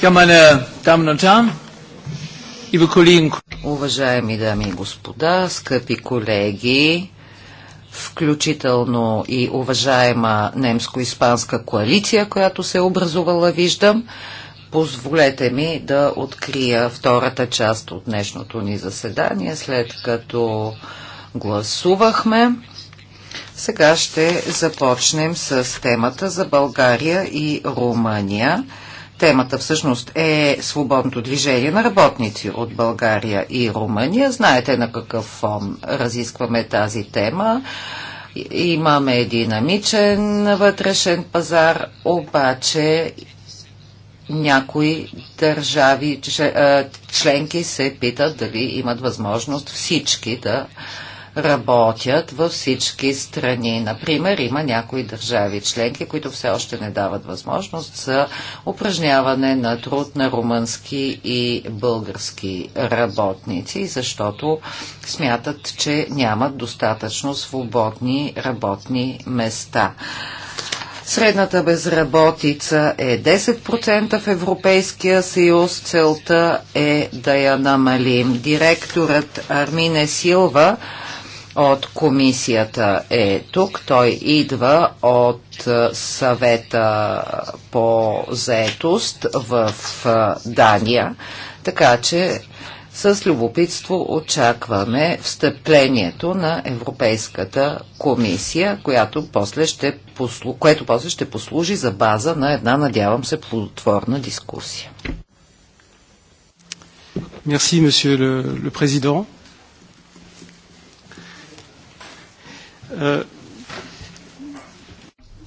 Ja, meine Damen und Herren, liebe Kollegen. Уважаеми дами и господа, скъпи колеги, включително и уважаема немско-испанска коалиция, която се е образувала, виждам. Позволете ми да открия втората част от днешното ни заседание, след като гласувахме. Сега ще започнем с темата за България и Румъния. Темата всъщност е свободното движение на работници от България и Румъния. Знаете на какъв фон разискваме тази тема. Имаме динамичен вътрешен пазар, обаче някои държави членки се питат дали имат възможност всички да работят във всички страни. Например, има някои държави членки, които все още не дават възможност за упражняване на труд на румънски и български работници, защото смятат, че нямат достатъчно свободни работни места. Средната безработица е 10% в Европейския съюз. Целта е да я намалим. Директорът Армине Силва от комисията е тук. Той идва от е, съвета по заетост в е, Дания, така че с любопитство очакваме встъплението на Европейската комисия, която после ще послу... което после ще послужи за база на една, надявам се, плодотворна дискусия. Merci, monsieur le, le président.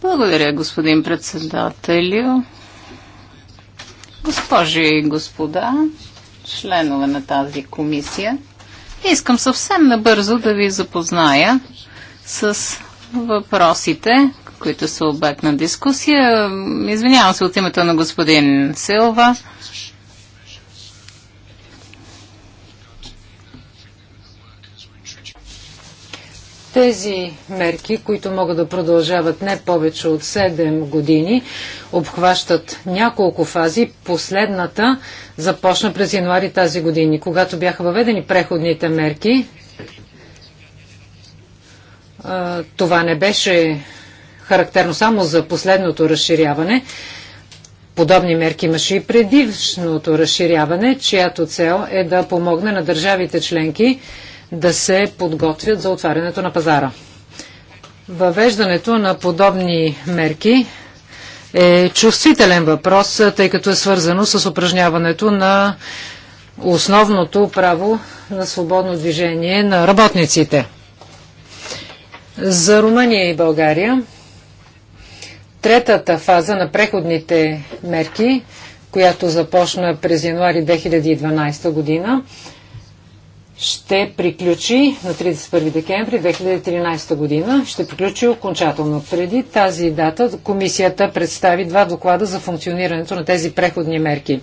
Благодаря, господин председателю. Госпожи и господа, членове на тази комисия, искам съвсем набързо да ви запозная с въпросите, които са обект на дискусия. Извинявам се от името на господин Силва. Тези мерки, които могат да продължават не повече от 7 години, обхващат няколко фази. Последната започна през януари тази години, когато бяха въведени преходните мерки. Това не беше характерно само за последното разширяване. Подобни мерки имаше и предишното разширяване, чиято цел е да помогне на държавите членки да се подготвят за отварянето на пазара. Въвеждането на подобни мерки е чувствителен въпрос, тъй като е свързано с упражняването на основното право на свободно движение на работниците. За Румъния и България третата фаза на преходните мерки, която започна през януари 2012 година, ще приключи на 31 декември 2013 година. Ще приключи окончателно. Преди тази дата комисията представи два доклада за функционирането на тези преходни мерки.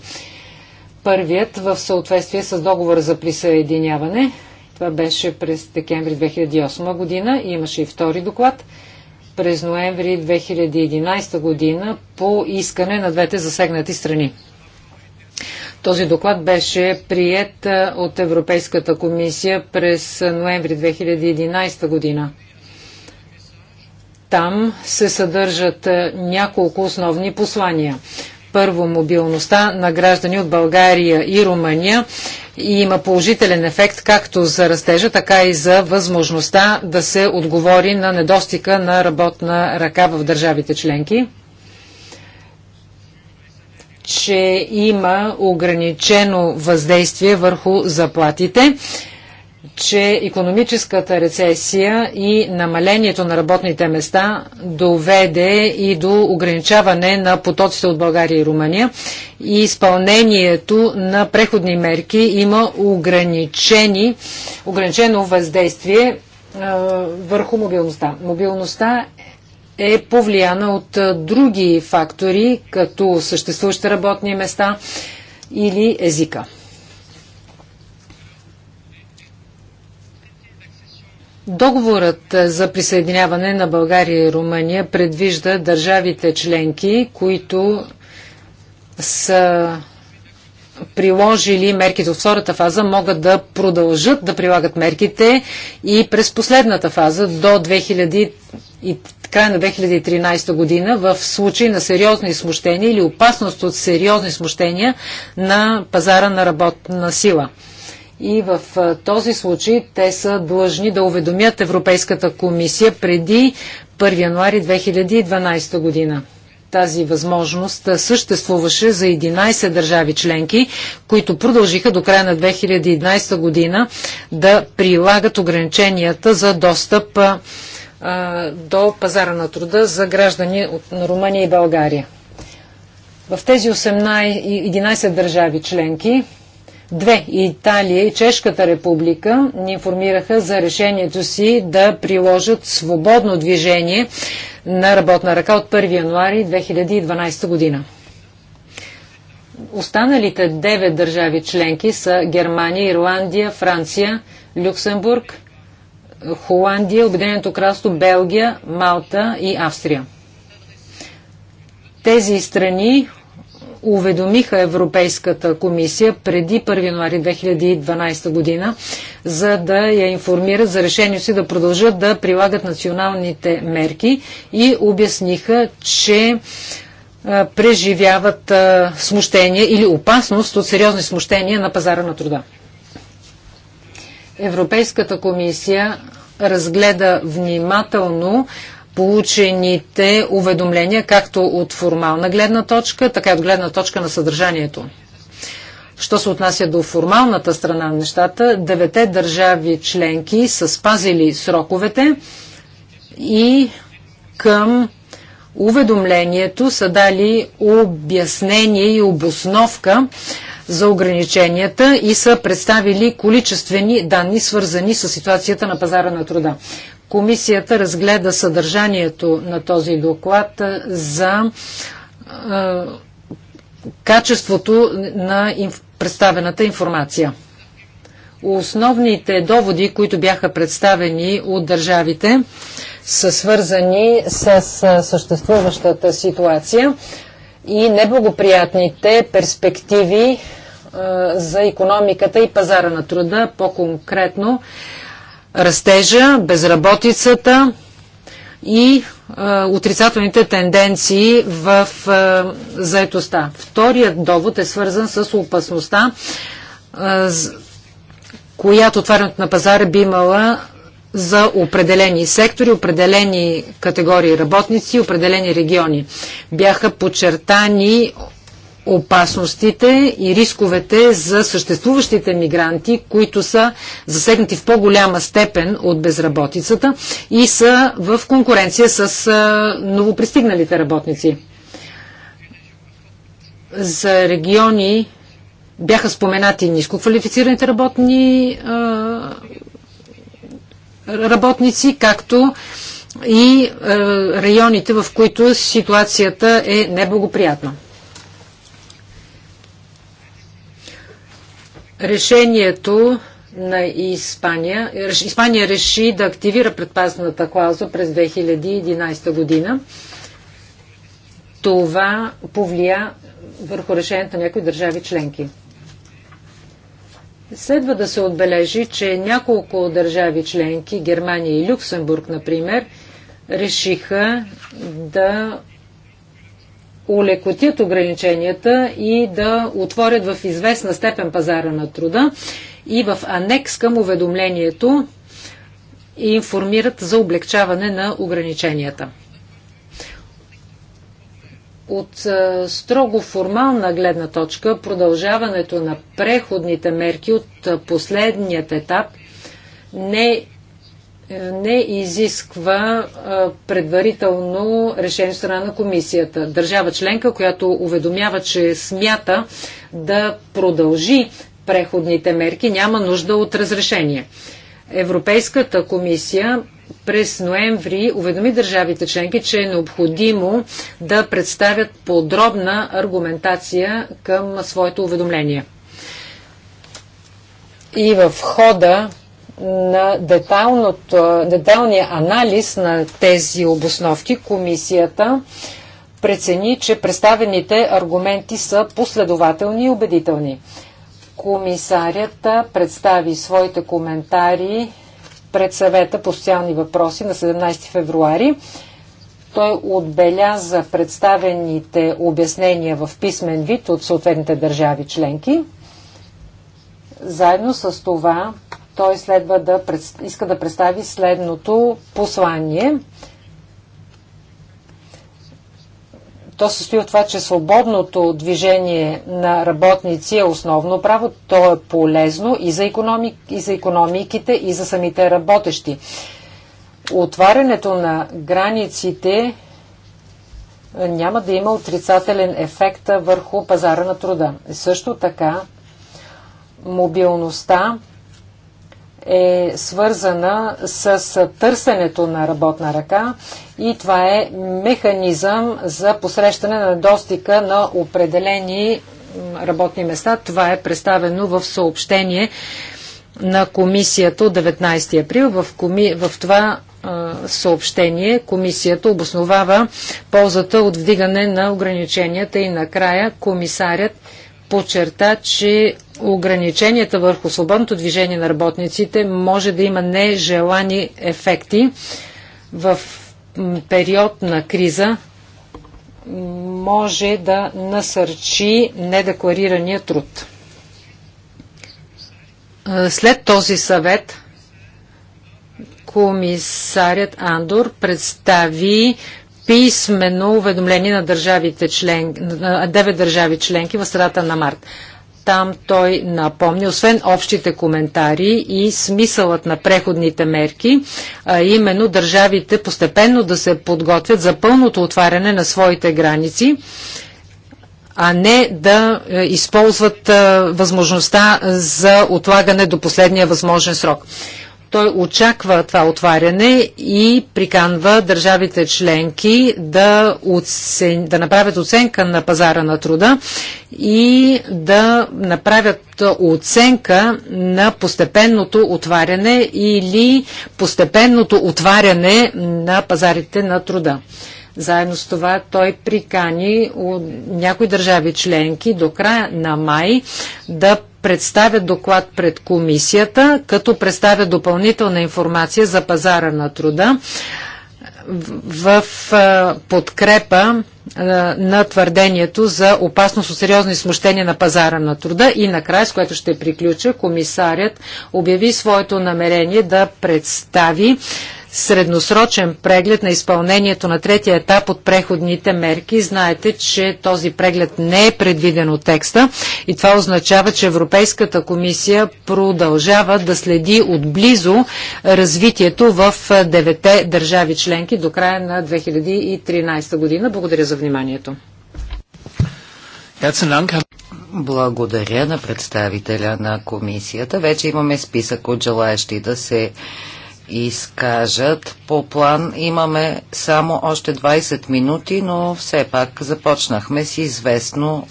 Първият в съответствие с договора за присъединяване. Това беше през декември 2008 година. И имаше и втори доклад през ноември 2011 година по искане на двете засегнати страни. Този доклад беше прият от Европейската комисия през ноември 2011 година. Там се съдържат няколко основни послания. Първо, мобилността на граждани от България и Румъния и има положителен ефект както за растежа, така и за възможността да се отговори на недостига на работна ръка в държавите членки че има ограничено въздействие върху заплатите, че економическата рецесия и намалението на работните места доведе и до ограничаване на потоците от България и Румъния и изпълнението на преходни мерки има ограничени, ограничено въздействие върху мобилността. Мобилността е повлияна от други фактори, като съществуващи работни места или езика. Договорът за присъединяване на България и Румъния предвижда държавите членки, които са приложили мерките от втората фаза, могат да продължат да прилагат мерките и през последната фаза до 2000, и края на 2013 година в случай на сериозни смущения или опасност от сериозни смущения на пазара на работна сила. И в този случай те са длъжни да уведомят Европейската комисия преди 1 януари 2012 година. Тази възможност съществуваше за 11 държави членки, които продължиха до края на 2011 година да прилагат ограниченията за достъп а, до пазара на труда за граждани от, на Румъния и България. В тези 18, 11 държави членки, две Италия и Чешката република ни информираха за решението си да приложат свободно движение на работна ръка от 1 януари 2012 година. Останалите 9 държави членки са Германия, Ирландия, Франция, Люксембург, Холандия, Обединеното кралство, Белгия, Малта и Австрия. Тези страни уведомиха Европейската комисия преди 1 януари 2012 година, за да я информират за решението си да продължат да прилагат националните мерки и обясниха, че преживяват смущения или опасност от сериозни смущения на пазара на труда. Европейската комисия разгледа внимателно получените уведомления, както от формална гледна точка, така и от гледна точка на съдържанието. Що се отнася до формалната страна на нещата, девете държави членки са спазили сроковете и към уведомлението са дали обяснение и обосновка за ограниченията и са представили количествени данни, свързани с ситуацията на пазара на труда. Комисията разгледа съдържанието на този доклад за качеството на представената информация. Основните доводи, които бяха представени от държавите, са свързани с съществуващата ситуация и неблагоприятните перспективи за економиката и пазара на труда, по-конкретно растежа, безработицата и а, отрицателните тенденции в а, заетостта. Вторият довод е свързан с опасността, а, която отварянето на пазара би имала за определени сектори, определени категории работници, определени региони. Бяха подчертани опасностите и рисковете за съществуващите мигранти, които са засегнати в по-голяма степен от безработицата и са в конкуренция с новопристигналите работници. За региони бяха споменати нискоквалифицираните работни работници, както и районите, в които ситуацията е неблагоприятна. решението на Испания. Испания реши да активира предпазната клауза през 2011 година. Това повлия върху решението на някои държави членки. Следва да се отбележи, че няколко държави членки, Германия и Люксембург, например, решиха да улекотят ограниченията и да отворят в известна степен пазара на труда и в анекс към уведомлението и информират за облегчаване на ограниченията. От е, строго формална гледна точка, продължаването на преходните мерки от е, последният етап не е, не изисква е, предварително решение страна на комисията. Държава членка, която уведомява, че смята да продължи преходните мерки, няма нужда от разрешение. Европейската комисия през ноември уведоми държавите членки, че е необходимо да представят подробна аргументация към своето уведомление. И в хода на детайлния анализ на тези обосновки, комисията прецени, че представените аргументи са последователни и убедителни. Комисарят представи своите коментари пред съвета по социални въпроси на 17 февруари. Той отбеляза представените обяснения в писмен вид от съответните държави членки. Заедно с това той следва да пред... иска да представи следното послание. То се състои от това, че свободното движение на работници е основно право. То е полезно и за, економик, и за економиките, и за самите работещи. Отварянето на границите е, няма да има отрицателен ефект върху пазара на труда. Също така, мобилността е свързана с търсенето на работна ръка и това е механизъм за посрещане на достига на определени работни места. Това е представено в съобщение на комисията от 19 април. В, коми... в това съобщение комисията обосновава ползата от вдигане на ограниченията и накрая комисарят подчерта, че ограниченията върху свободното движение на работниците може да има нежелани ефекти в период на криза може да насърчи недекларирания труд. След този съвет комисарят Андор представи писмено уведомление на, държавите член, на 9 държави членки в средата на март. Там той напомни, освен общите коментари и смисълът на преходните мерки, а именно държавите постепенно да се подготвят за пълното отваряне на своите граници, а не да е, използват е, възможността за отлагане до последния възможен срок. Той очаква това отваряне и приканва държавите членки да, оцен... да направят оценка на пазара на труда и да направят оценка на постепенното отваряне или постепенното отваряне на пазарите на труда. Заедно с това той прикани от някои държави членки до края на май да представят доклад пред комисията, като представят допълнителна информация за пазара на труда в подкрепа на твърдението за опасност от сериозни смущения на пазара на труда. И накрая, с което ще приключа, комисарят обяви своето намерение да представи средносрочен преглед на изпълнението на третия етап от преходните мерки. Знаете, че този преглед не е предвиден от текста и това означава, че Европейската комисия продължава да следи отблизо развитието в девете държави членки до края на 2013 година. Благодаря за вниманието. Благодаря на представителя на комисията. Вече имаме списък от желаящи да се изкажат. По план имаме само още 20 минути, но все пак започнахме с известно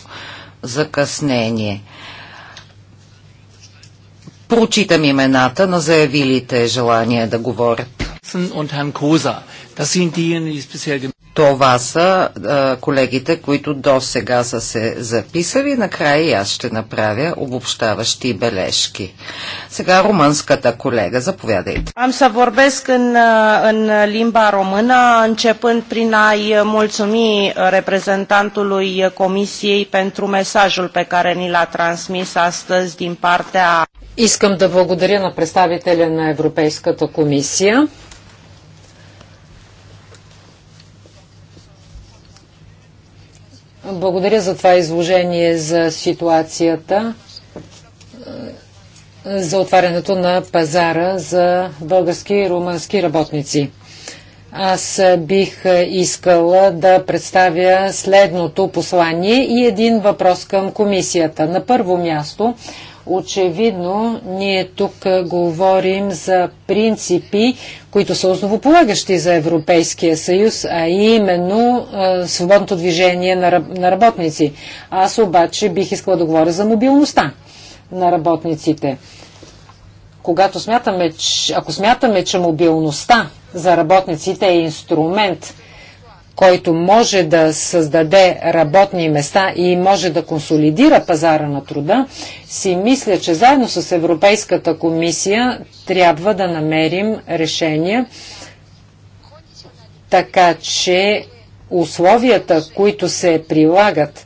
закъснение. Прочитам имената на заявилите желание да говорят. Und Herrn Kosa. Das sind diejenigen, die това са а, колегите, които до сега са се записали. Накрая и аз ще направя обобщаващи бележки. Сега румънската колега, заповядайте. Am să vorbesc în, în limba română, începând prin a-i mulțumi reprezentantului Comisiei pentru mesajul pe care ni l-a transmis astăzi din partea... Искам да благодаря на представителя на Европейската комисия Благодаря за това изложение за ситуацията, за отварянето на пазара за български и румънски работници. Аз бих искала да представя следното послание и един въпрос към комисията. На първо място, Очевидно, ние тук говорим за принципи, които са основополагащи за Европейския съюз, а именно е, свободното движение на, на работници. Аз обаче бих искала да говоря за мобилността на работниците. Когато смятаме, че, ако смятаме, че мобилността за работниците е инструмент който може да създаде работни места и може да консолидира пазара на труда, си мисля, че заедно с Европейската комисия трябва да намерим решения, така че условията, които се прилагат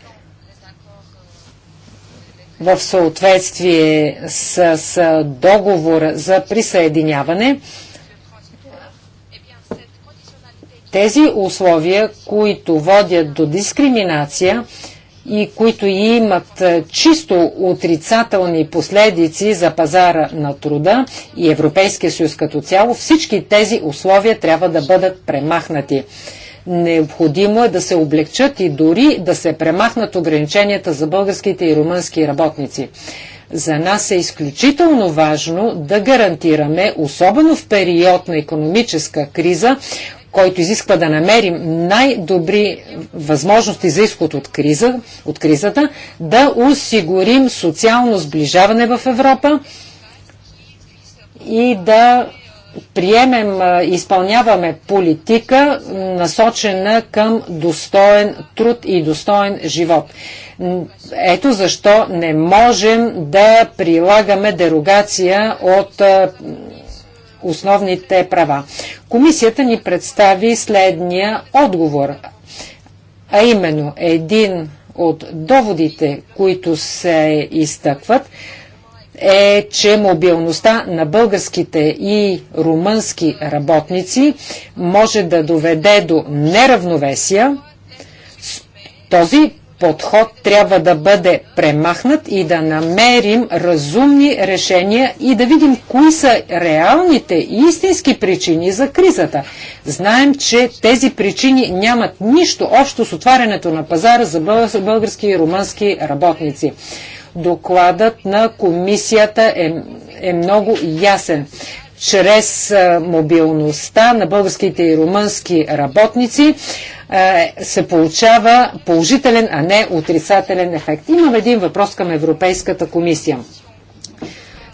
в съответствие с договора за присъединяване, тези условия, които водят до дискриминация и които имат е, чисто отрицателни последици за пазара на труда и Европейския съюз като цяло, всички тези условия трябва да бъдат премахнати. Необходимо е да се облегчат и дори да се премахнат ограниченията за българските и румънски работници. За нас е изключително важно да гарантираме, особено в период на економическа криза, който изисква да намерим най-добри възможности за изход от, криза, от кризата, да осигурим социално сближаване в Европа и да приемем, изпълняваме политика, насочена към достоен труд и достоен живот. Ето защо не можем да прилагаме дерогация от основните права. Комисията ни представи следния отговор, а именно един от доводите, които се изтъкват, е, че мобилността на българските и румънски работници може да доведе до неравновесия. Този подход трябва да бъде премахнат и да намерим разумни решения и да видим кои са реалните и истински причини за кризата. Знаем, че тези причини нямат нищо общо с отварянето на пазара за български и румънски работници. Докладът на комисията е, е много ясен. Чрез мобилността на българските и румънски работници е, се получава положителен, а не отрицателен ефект. Имам един въпрос към Европейската комисия.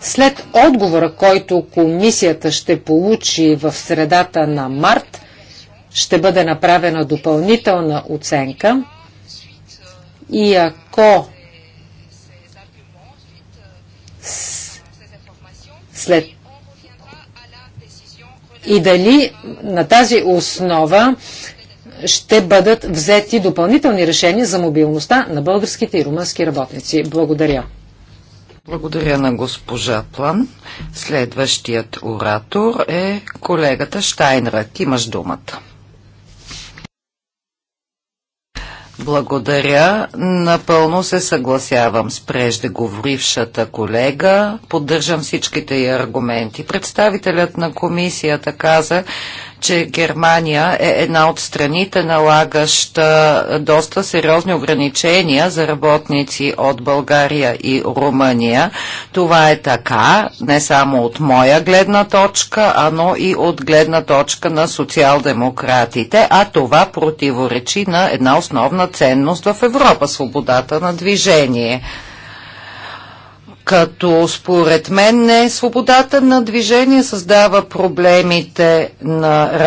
След отговора, който комисията ще получи в средата на март, ще бъде направена допълнителна оценка и ако след и дали на тази основа ще бъдат взети допълнителни решения за мобилността на българските и румънски работници. Благодаря. Благодаря на госпожа План. Следващият оратор е колегата Штайнрат. Имаш думата. Благодаря. Напълно се съгласявам с преждеговорившата колега. Поддържам всичките й аргументи. Представителят на комисията каза, че Германия е една от страните, налагаща доста сериозни ограничения за работници от България и Румъния. Това е така не само от моя гледна точка, а но и от гледна точка на социал-демократите, а това противоречи на една основна ценност в Европа – свободата на движение като според мен не свободата на движение създава проблемите на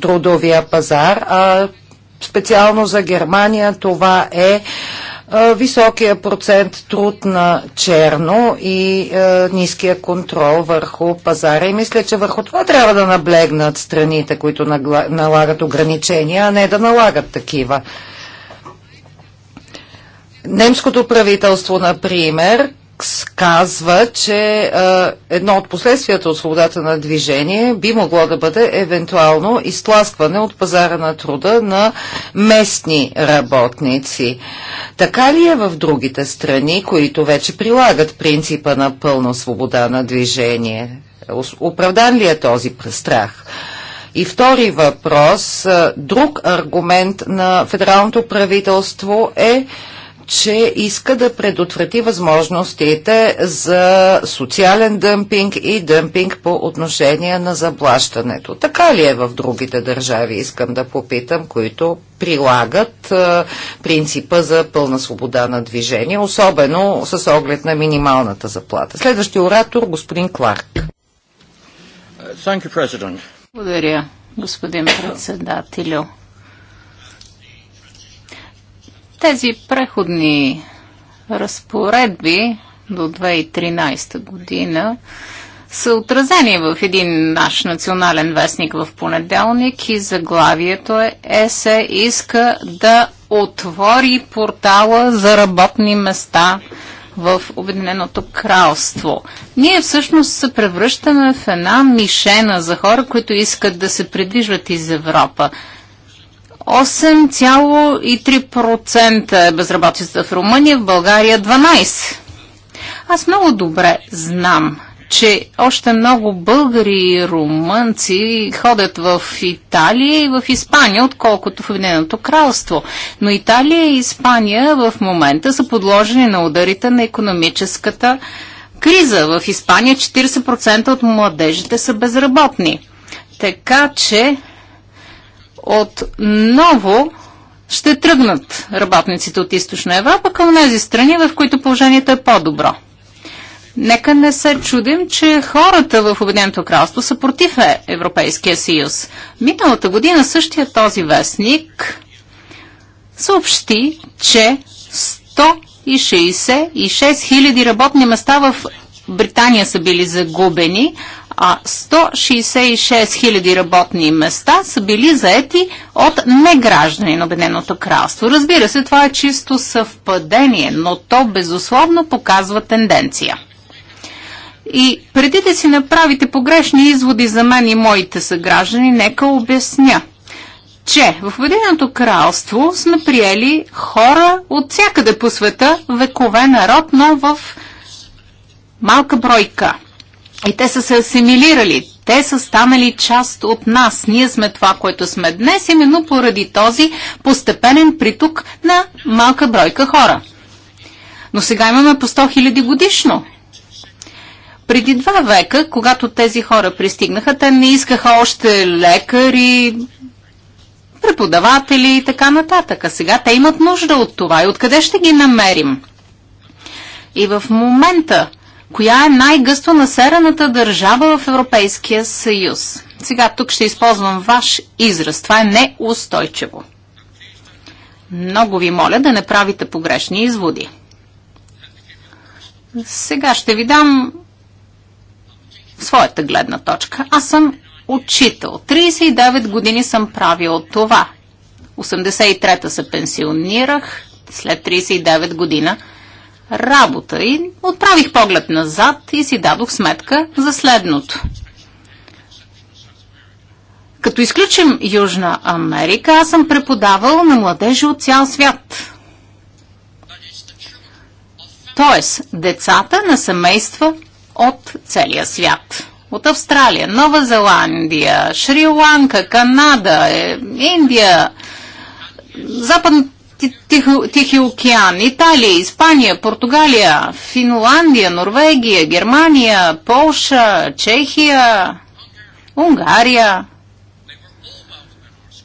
трудовия пазар, а специално за Германия това е високия процент труд на черно и е, ниския контрол върху пазара. И мисля, че върху това трябва да наблегнат страните, които нагла... налагат ограничения, а не да налагат такива. Немското правителство, например, казва, че а, едно от последствията от свободата на движение би могло да бъде евентуално изтласкване от пазара на труда на местни работници. Така ли е в другите страни, които вече прилагат принципа на пълна свобода на движение? Оправдан ли е този страх? И втори въпрос, друг аргумент на федералното правителство е, че иска да предотврати възможностите за социален дъмпинг и дъмпинг по отношение на заплащането. Така ли е в другите държави, искам да попитам, които прилагат принципа за пълна свобода на движение, особено с оглед на минималната заплата. Следващия оратор, господин Кларк. Благодаря, господин председателю. Тези преходни разпоредби до 2013 година са отразени в един наш национален вестник в понеделник и заглавието е ЕСЕ иска да отвори портала за работни места в Обединеното кралство. Ние всъщност се превръщаме в една мишена за хора, които искат да се придвижват из Европа. 8,3% е безработицата в Румъния, в България 12%. Аз много добре знам, че още много българи и румънци ходят в Италия и в Испания, отколкото в Обединеното кралство. Но Италия и Испания в момента са подложени на ударите на економическата криза. В Испания 40% от младежите са безработни. Така че отново ще тръгнат работниците от Източна Европа към тези страни, в които положението е по-добро. Нека не се чудим, че хората в Обединеното кралство са против е, Европейския съюз. Миналата година същия този вестник съобщи, че 166 хиляди работни места в Британия са били загубени, а 166 000 работни места са били заети от неграждани на Обединеното кралство. Разбира се, това е чисто съвпадение, но то безусловно показва тенденция. И преди да си направите погрешни изводи за мен и моите съграждани, нека обясня – че в Обединеното кралство сме приели хора от всякъде по света, векове народ, но в малка бройка. И те са се асимилирали. Те са станали част от нас. Ние сме това, което сме днес, именно поради този постепенен приток на малка бройка хора. Но сега имаме по 100 000 годишно. Преди два века, когато тези хора пристигнаха, те не искаха още лекари, преподаватели и така нататък. А сега те имат нужда от това и откъде ще ги намерим? И в момента коя е най-гъсто населената държава в Европейския съюз. Сега тук ще използвам ваш израз. Това е неустойчиво. Много ви моля да не правите погрешни изводи. Сега ще ви дам своята гледна точка. Аз съм учител. 39 години съм правил това. 83-та се пенсионирах, след 39 година работа. И отправих поглед назад и си дадох сметка за следното. Като изключим Южна Америка, аз съм преподавал на младежи от цял свят. Тоест, децата на семейства от целия свят. От Австралия, Нова Зеландия, Шри-Ланка, Канада, е, Индия, Западната. Тихи океан, Италия, Испания, Португалия, Финландия, Норвегия, Германия, Полша, Чехия, Унгария.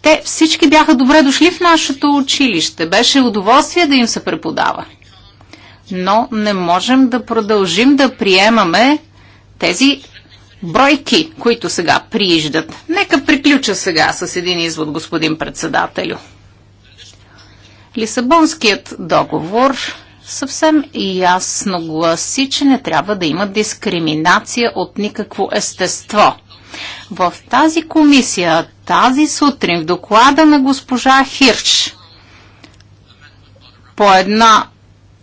Те всички бяха добре дошли в нашето училище. Беше удоволствие да им се преподава. Но не можем да продължим да приемаме тези бройки, които сега прииждат. Нека приключа сега с един извод, господин председателю. Лисабонският договор съвсем ясно гласи, че не трябва да има дискриминация от никакво естество. В тази комисия, тази сутрин, в доклада на госпожа Хирш, по една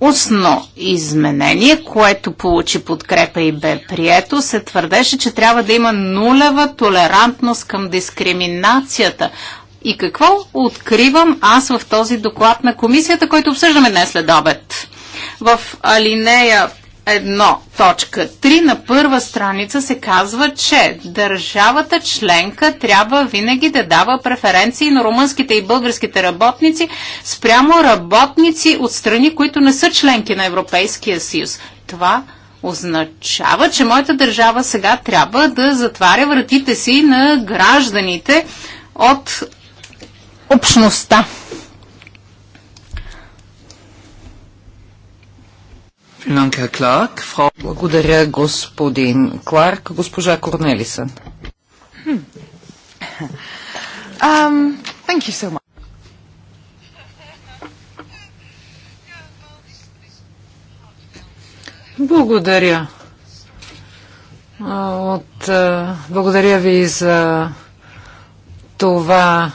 устно изменение, което получи подкрепа и бе прието, се твърдеше, че трябва да има нулева толерантност към дискриминацията. И какво откривам аз в този доклад на комисията, който обсъждаме днес след обед? В алинея 1.3 на първа страница се казва, че държавата членка трябва винаги да дава преференции на румънските и българските работници спрямо работници от страни, които не са членки на Европейския съюз. Това означава, че моята държава сега трябва да затваря вратите си на гражданите от общността. Благодаря, господин Кларк. Госпожа Корнелисън. благодаря. От, благодаря ви за това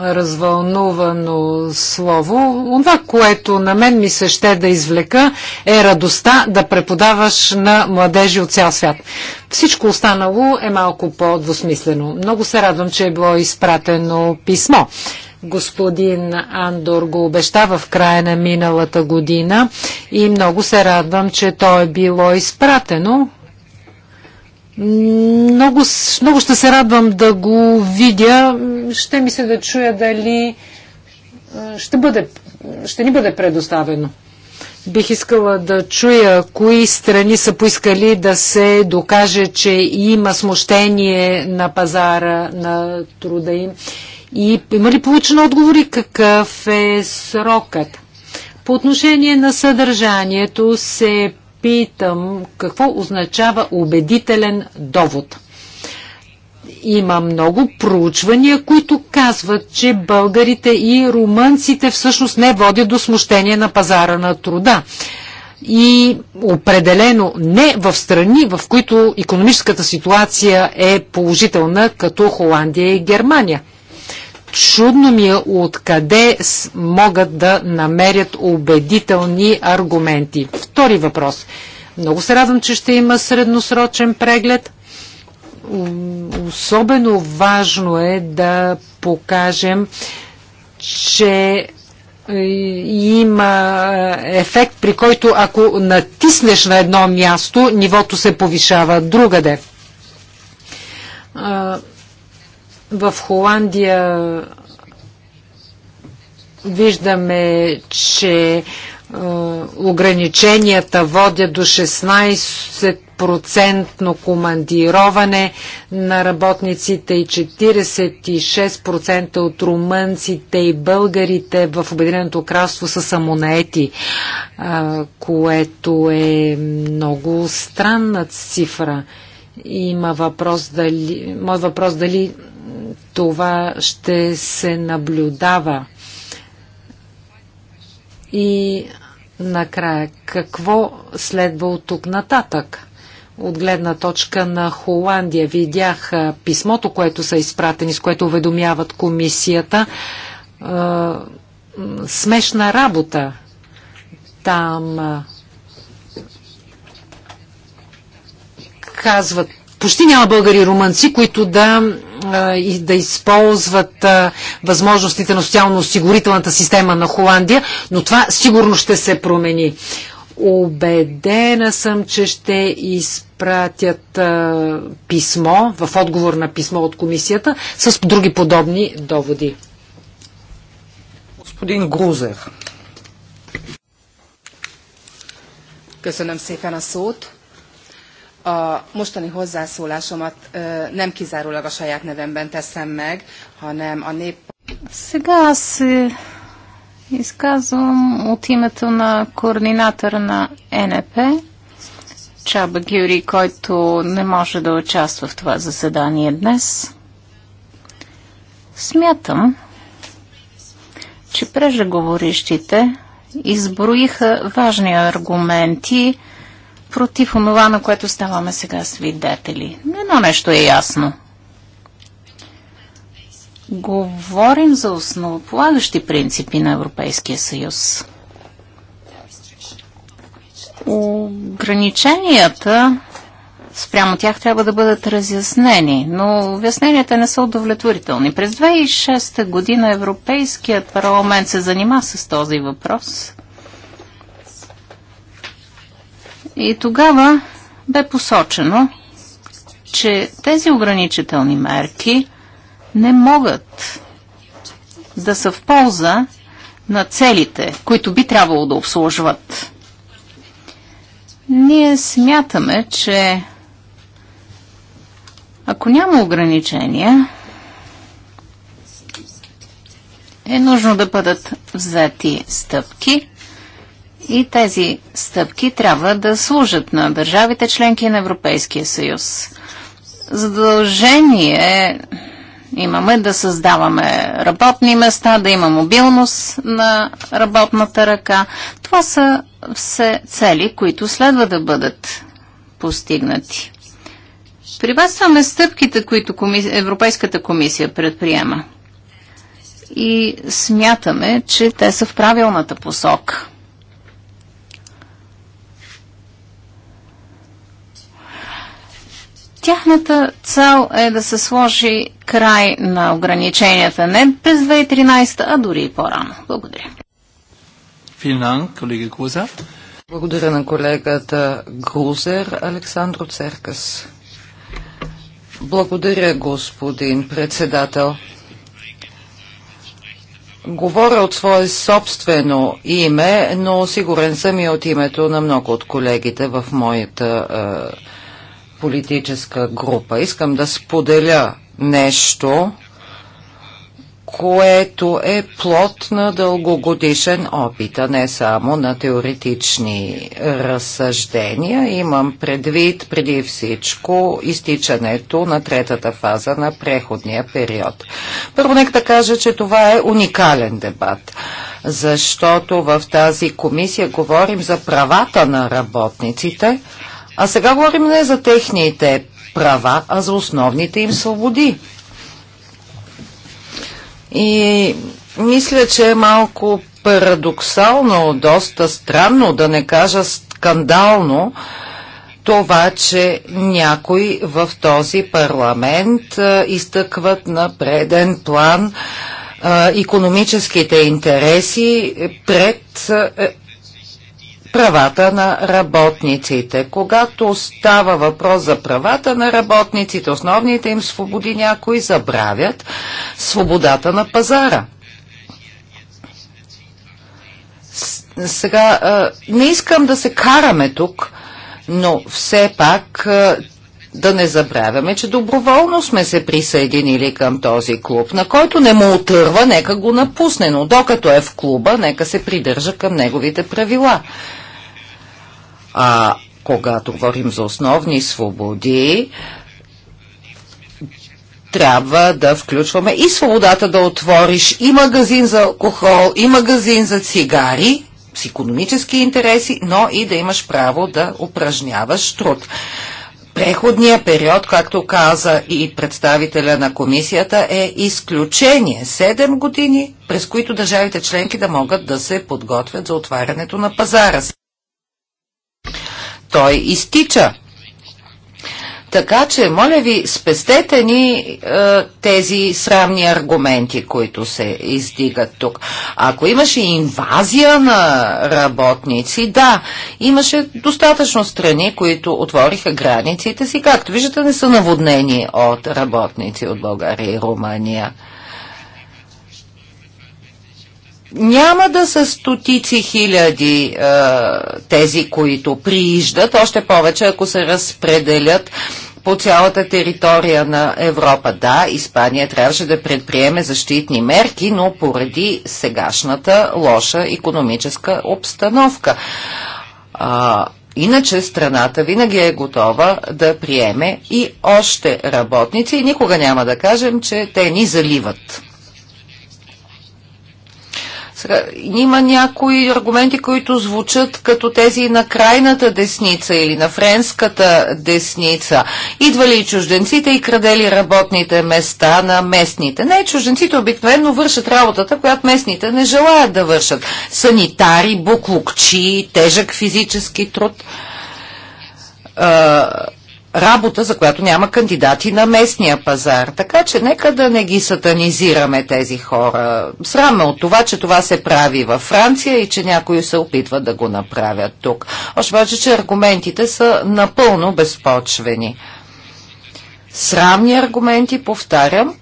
развълнувано слово. Това, което на мен ми се ще да извлека, е радостта да преподаваш на младежи от цял свят. Всичко останало е малко по-двусмислено. Много се радвам, че е било изпратено писмо. Господин Андор го обещава в края на миналата година и много се радвам, че то е било изпратено много, много ще се радвам да го видя. Ще ми се да чуя дали ще, бъде, ще ни бъде предоставено. Бих искала да чуя кои страни са поискали да се докаже, че има смущение на пазара на труда им. И има ли получено отговори какъв е срокът? По отношение на съдържанието се питам, какво означава убедителен довод. Има много проучвания, които казват, че българите и румънците всъщност не водят до смущение на пазара на труда и определено не в страни, в които економическата ситуация е положителна, като Холандия и Германия. Чудно ми е откъде могат да намерят убедителни аргументи. Втори въпрос. Много се радвам, че ще има средносрочен преглед. Особено важно е да покажем, че е, има е, ефект, при който ако натиснеш на едно място, нивото се повишава другаде. В Холандия виждаме, че ограниченията водят до 16% командироване на работниците и 46% от румънците и българите в Обединеното кралство са самонаети, което е много странна цифра. Има въпрос дали, моят въпрос дали това ще се наблюдава. И накрая, какво следва от тук нататък? От гледна точка на Холандия видях писмото, което са изпратени, с което уведомяват комисията. Е, смешна работа. Там казват, почти няма българи и румънци, които да и да използват възможностите на социално-осигурителната система на Холандия, но това сигурно ще се промени. Обедена съм, че ще изпратят а, писмо, в отговор на писмо от комисията, с други подобни доводи. Господин Грузер. Köszönöm szépen a a mostani hozzászólásomat nem kizárólag a saját nevemben teszem meg, hanem a nép... Сега е, изказвам от името на координатора на НП, е Чаба Гюри, който не може да участва в това заседание днес. Смятам, че преждеговорищите изброиха важни аргументи, против онова, на което ставаме сега свидетели. Едно нещо е ясно. Говорим за основополагащи принципи на Европейския съюз. Ограниченията спрямо тях трябва да бъдат разяснени, но обясненията не са удовлетворителни. През 2006 година Европейският парламент се занима с този въпрос И тогава бе посочено, че тези ограничителни мерки не могат да са в полза на целите, които би трябвало да обслужват. Ние смятаме, че ако няма ограничения, е нужно да бъдат взети стъпки и тези стъпки трябва да служат на държавите членки на Европейския съюз. Задължение имаме да създаваме работни места, да има мобилност на работната ръка. Това са все цели, които следва да бъдат постигнати. Приветстваме стъпките, които Европейската комисия предприема. И смятаме, че те са в правилната посока. Тяхната цел е да се сложи край на ограниченията не през 2013, а дори и по-рано. Благодаря. Благодаря на колегата Грузер Александро Церкас. Благодаря, господин председател. Говоря от свое собствено име, но сигурен съм и от името на много от колегите в моята е, политическа група. Искам да споделя нещо, което е плод на дългогодишен опит, а не само на теоретични разсъждения. Имам предвид преди всичко изтичането на третата фаза на преходния период. Първо нека да кажа, че това е уникален дебат, защото в тази комисия говорим за правата на работниците, а сега говорим не за техните права, а за основните им свободи. И мисля, че е малко парадоксално, доста странно, да не кажа скандално, това, че някои в този парламент а, изтъкват на преден план а, економическите интереси пред а, правата на работниците. Когато става въпрос за правата на работниците, основните им свободи някои забравят свободата на пазара. Сега, не искам да се караме тук, но все пак да не забравяме, че доброволно сме се присъединили към този клуб, на който не му отърва, нека го напусне, но докато е в клуба, нека се придържа към неговите правила. А когато говорим за основни свободи, трябва да включваме и свободата да отвориш и магазин за алкохол, и магазин за цигари, с економически интереси, но и да имаш право да упражняваш труд. Преходният период, както каза и представителя на комисията, е изключение. седем години, през които държавите членки да могат да се подготвят за отварянето на пазара той изтича. Така че, моля ви, спестете ни е, тези срамни аргументи, които се издигат тук. Ако имаше инвазия на работници, да, имаше достатъчно страни, които отвориха границите си. Както виждате, не са наводнени от работници от България и Румъния няма да са стотици хиляди е, тези, които прииждат, още повече ако се разпределят по цялата територия на Европа. Да, Испания трябваше да предприеме защитни мерки, но поради сегашната лоша економическа обстановка. А, Иначе страната винаги е готова да приеме и още работници и никога няма да кажем, че те ни заливат. Има някои аргументи, които звучат като тези на крайната десница или на френската десница. Идвали и чужденците и крадели работните места на местните. Не, чужденците обикновено вършат работата, която местните не желаят да вършат. Санитари, буклукчи, тежък физически труд работа, за която няма кандидати на местния пазар. Така че нека да не ги сатанизираме тези хора. Срамно от това, че това се прави във Франция и че някои се опитват да го направят тук. Още важно, че аргументите са напълно безпочвени. Срамни аргументи, повтарям,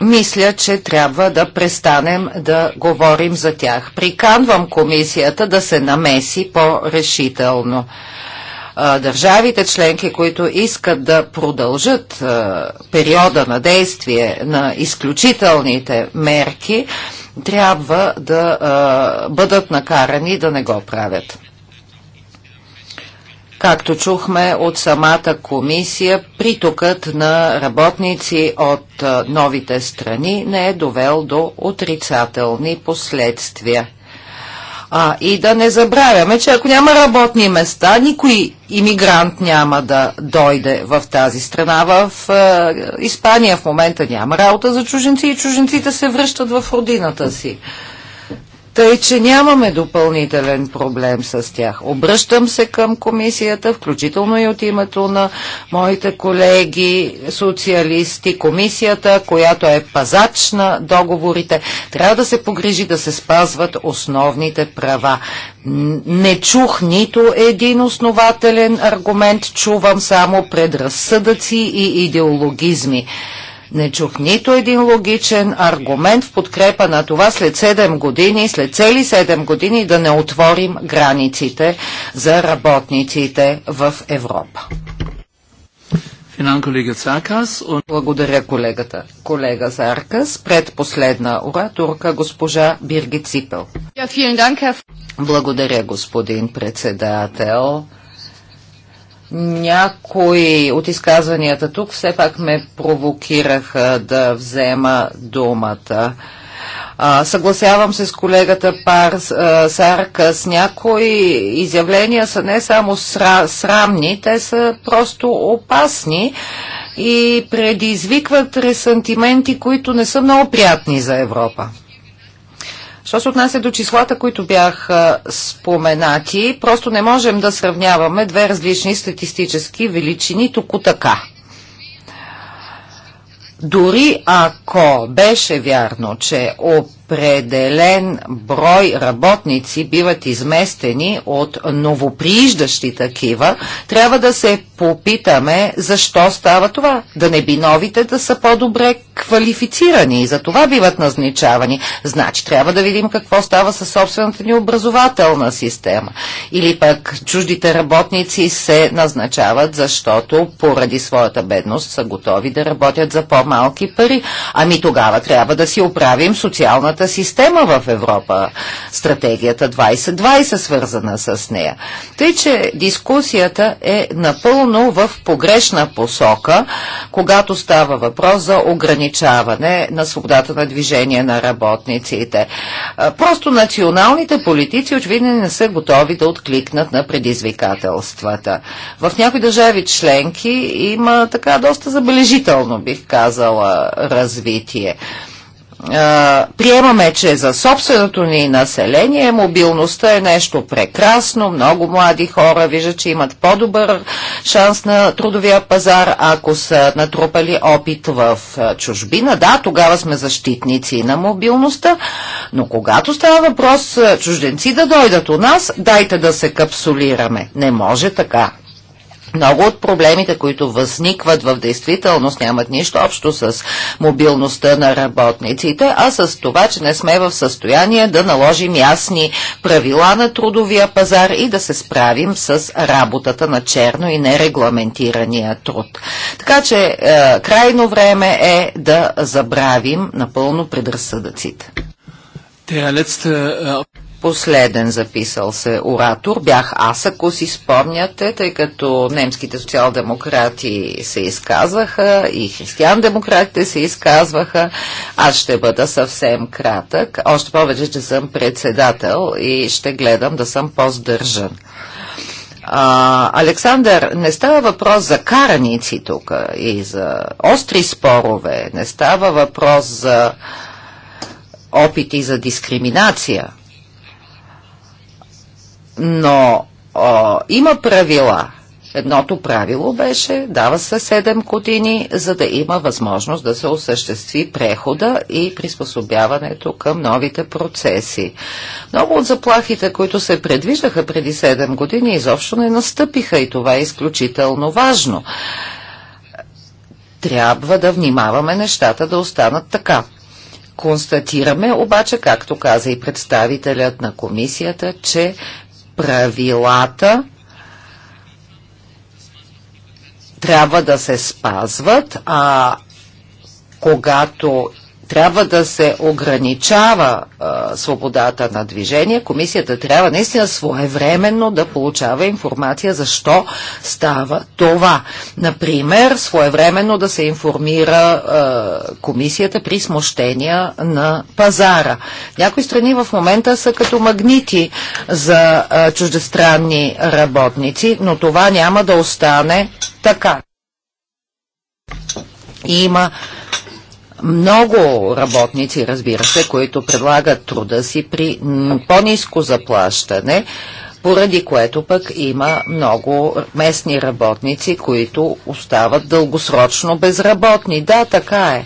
мисля, че трябва да престанем да говорим за тях. Приканвам комисията да се намеси по-решително. Държавите членки, които искат да продължат периода на действие на изключителните мерки, трябва да бъдат накарани да не го правят. Както чухме от самата комисия, притокът на работници от новите страни не е довел до отрицателни последствия. А, и да не забравяме, че ако няма работни места, никой иммигрант няма да дойде в тази страна. В е, Испания в момента няма работа за чуженци и чуженците се връщат в родината си. Тъй, че нямаме допълнителен проблем с тях. Обръщам се към комисията, включително и от името на моите колеги социалисти, комисията, която е пазач на договорите, трябва да се погрижи да се спазват основните права. Не чух нито един основателен аргумент, чувам само предразсъдъци и идеологизми. Не чух нито един логичен аргумент в подкрепа на това след 7 години, след цели 7 години да не отворим границите за работниците в Европа. Благодаря колегата. Колега Заркас, предпоследна ораторка госпожа Бирги Ципел. Благодаря господин председател. Някои от изказванията тук все пак ме провокираха да взема думата. А, съгласявам се с колегата Пар Саркас. Някои изявления са не само сра, срамни, те са просто опасни и предизвикват ресантименти, които не са много приятни за Европа. Що се отнася до числата, които бяха споменати, просто не можем да сравняваме две различни статистически величини току така. Дори ако беше вярно, че определен брой работници биват изместени от новоприиждащи такива, трябва да се попитаме защо става това. Да не би новите да са по-добре квалифицирани и за това биват назначавани. Значи трябва да видим какво става със собствената ни образователна система. Или пък чуждите работници се назначават, защото поради своята бедност са готови да работят за по-малки пари. Ами тогава трябва да си оправим социалната цялата система в Европа, стратегията 2020 свързана с нея. Тъй, че дискусията е напълно в погрешна посока, когато става въпрос за ограничаване на свободата на движение на работниците. Просто националните политици очевидно не са готови да откликнат на предизвикателствата. В някои държави членки има така доста забележително, бих казала, развитие приемаме, че за собственото ни население мобилността е нещо прекрасно, много млади хора виждат, че имат по-добър шанс на трудовия пазар, ако са натрупали опит в чужбина. Да, тогава сме защитници на мобилността, но когато става въпрос чужденци да дойдат у нас, дайте да се капсулираме. Не може така. Много от проблемите, които възникват в действителност, нямат нищо общо с мобилността на работниците, а с това, че не сме в състояние да наложим ясни правила на трудовия пазар и да се справим с работата на черно и нерегламентирания труд. Така че е, крайно време е да забравим напълно предразсъдъците. Последен записал се оратор бях аз, ако си спомняте, тъй като немските социал-демократи се изказваха и християн-демократите се изказваха. Аз ще бъда съвсем кратък, още повече, че съм председател и ще гледам да съм по-здържан. А, Александър, не става въпрос за караници тук и за остри спорове, не става въпрос за опити за дискриминация – но о, има правила. Едното правило беше, дава се 7 години, за да има възможност да се осъществи прехода и приспособяването към новите процеси. Много от заплахите, които се предвиждаха преди 7 години, изобщо не настъпиха и това е изключително важно. Трябва да внимаваме нещата да останат така. Констатираме обаче, както каза и представителят на комисията, че правилата трябва да се спазват, а когато трябва да се ограничава а, свободата на движение, комисията трябва наистина своевременно да получава информация защо става това. Например, своевременно да се информира а, комисията при смущения на пазара. Някои страни в момента са като магнити за а, чуждестранни работници, но това няма да остане така. Има много работници, разбира се, които предлагат труда си при по-низко заплащане, поради което пък има много местни работници, които остават дългосрочно безработни. Да, така е.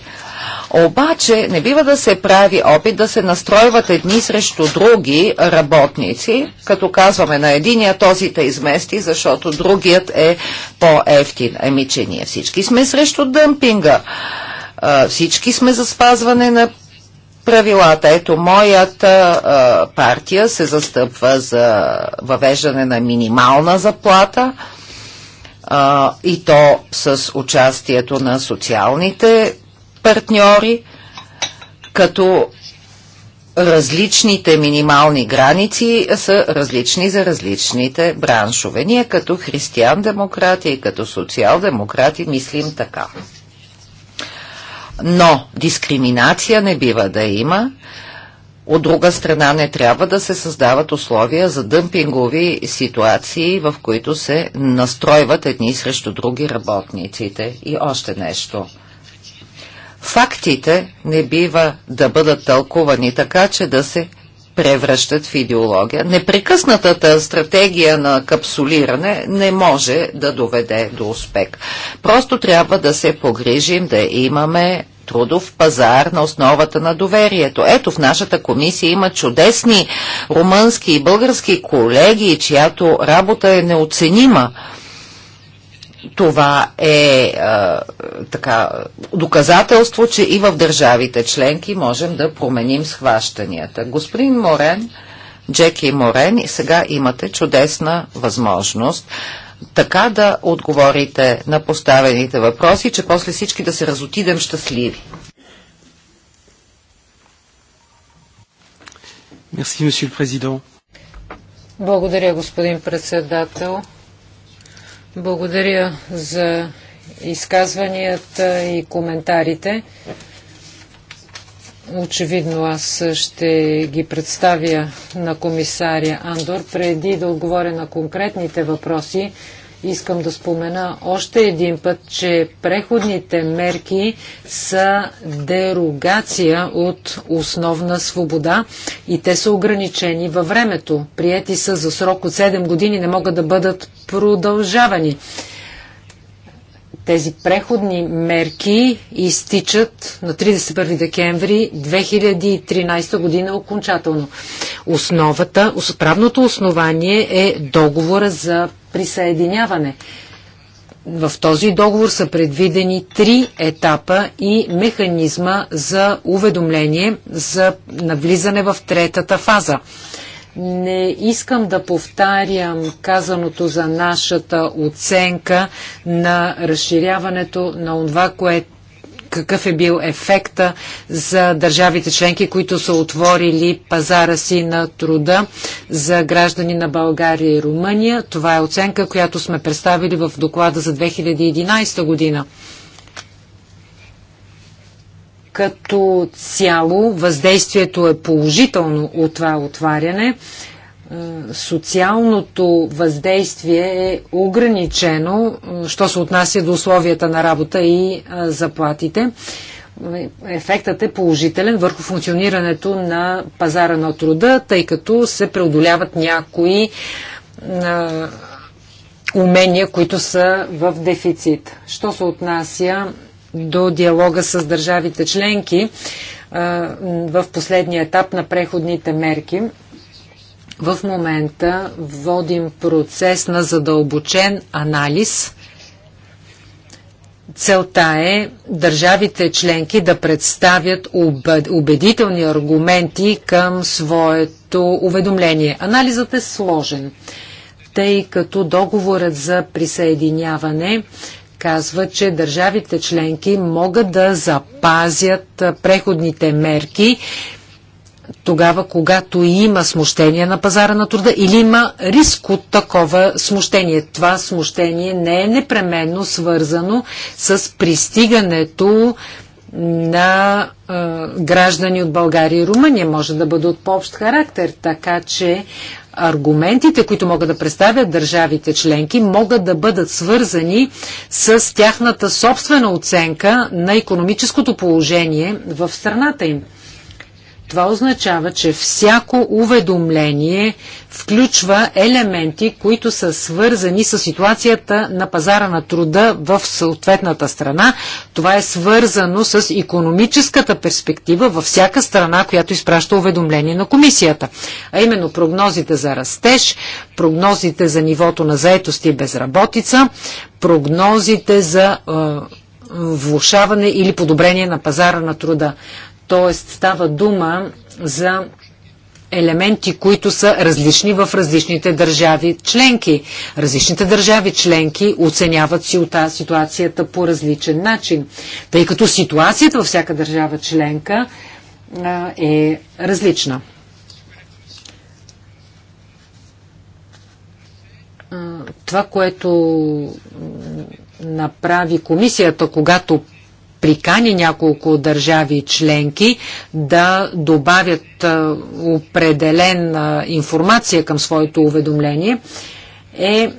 Обаче не бива да се прави опит да се настройват едни срещу други работници, като казваме на единия този те измести, защото другият е по-ефтин. Еми, че ние всички сме срещу дъмпинга всички сме за спазване на правилата. Ето, моята партия се застъпва за въвеждане на минимална заплата и то с участието на социалните партньори, като различните минимални граници са различни за различните браншове. Ние като християн-демократи и като социал-демократи мислим така. Но дискриминация не бива да има. От друга страна не трябва да се създават условия за дъмпингови ситуации, в които се настройват едни срещу други работниците. И още нещо. Фактите не бива да бъдат тълкувани така, че да се превръщат в идеология. Непрекъснатата стратегия на капсулиране не може да доведе до успех. Просто трябва да се погрижим да имаме трудов пазар на основата на доверието. Ето в нашата комисия има чудесни румънски и български колеги, чиято работа е неоценима. Това е а, така, доказателство, че и в държавите членки можем да променим схващанията. Господин Морен, Джеки Морен, сега имате чудесна възможност така да отговорите на поставените въпроси, че после всички да се разотидем щастливи. Благодаря, господин председател. Благодаря за изказванията и коментарите. Очевидно аз ще ги представя на комисаря Андор. Преди да отговоря на конкретните въпроси, Искам да спомена още един път, че преходните мерки са дерогация от основна свобода и те са ограничени във времето. Приети са за срок от 7 години, не могат да бъдат продължавани. Тези преходни мерки изтичат на 31 декември 2013 година окончателно. Основата, правното основание е договора за присъединяване. В този договор са предвидени три етапа и механизма за уведомление за навлизане в третата фаза. Не искам да повтарям казаното за нашата оценка на разширяването на това, което какъв е бил ефекта за държавите членки, които са отворили пазара си на труда за граждани на България и Румъния. Това е оценка, която сме представили в доклада за 2011 година. Като цяло въздействието е положително от това отваряне. Е, социалното въздействие е ограничено, е, що се отнася до условията на работа и е, заплатите. Ефектът е положителен върху функционирането на пазара на труда, тъй като се преодоляват някои умения, които са в дефицит. Що се отнася до диалога с държавите членки в последния етап на преходните мерки, в момента водим процес на задълбочен анализ. Целта е държавите членки да представят убедителни аргументи към своето уведомление. Анализът е сложен, тъй като договорът за присъединяване казва, че държавите членки могат да запазят преходните мерки тогава, когато има смущение на пазара на труда или има риск от такова смущение. Това смущение не е непременно свързано с пристигането на е, граждани от България и Румъния. Може да бъде от по-общ характер, така че аргументите, които могат да представят държавите членки, могат да бъдат свързани с тяхната собствена оценка на економическото положение в страната им. Това означава, че всяко уведомление включва елементи, които са свързани с ситуацията на пазара на труда в съответната страна. Това е свързано с економическата перспектива във всяка страна, която изпраща уведомление на комисията. А именно прогнозите за растеж, прогнозите за нивото на заетост и безработица, прогнозите за влушаване или подобрение на пазара на труда. Т.е. става дума за елементи, които са различни в различните държави членки. Различните държави членки оценяват си от тази ситуацията по различен начин, тъй като ситуацията във всяка държава членка а, е различна. Това, което направи комисията, когато прикани няколко държави членки да добавят определена информация към своето уведомление, е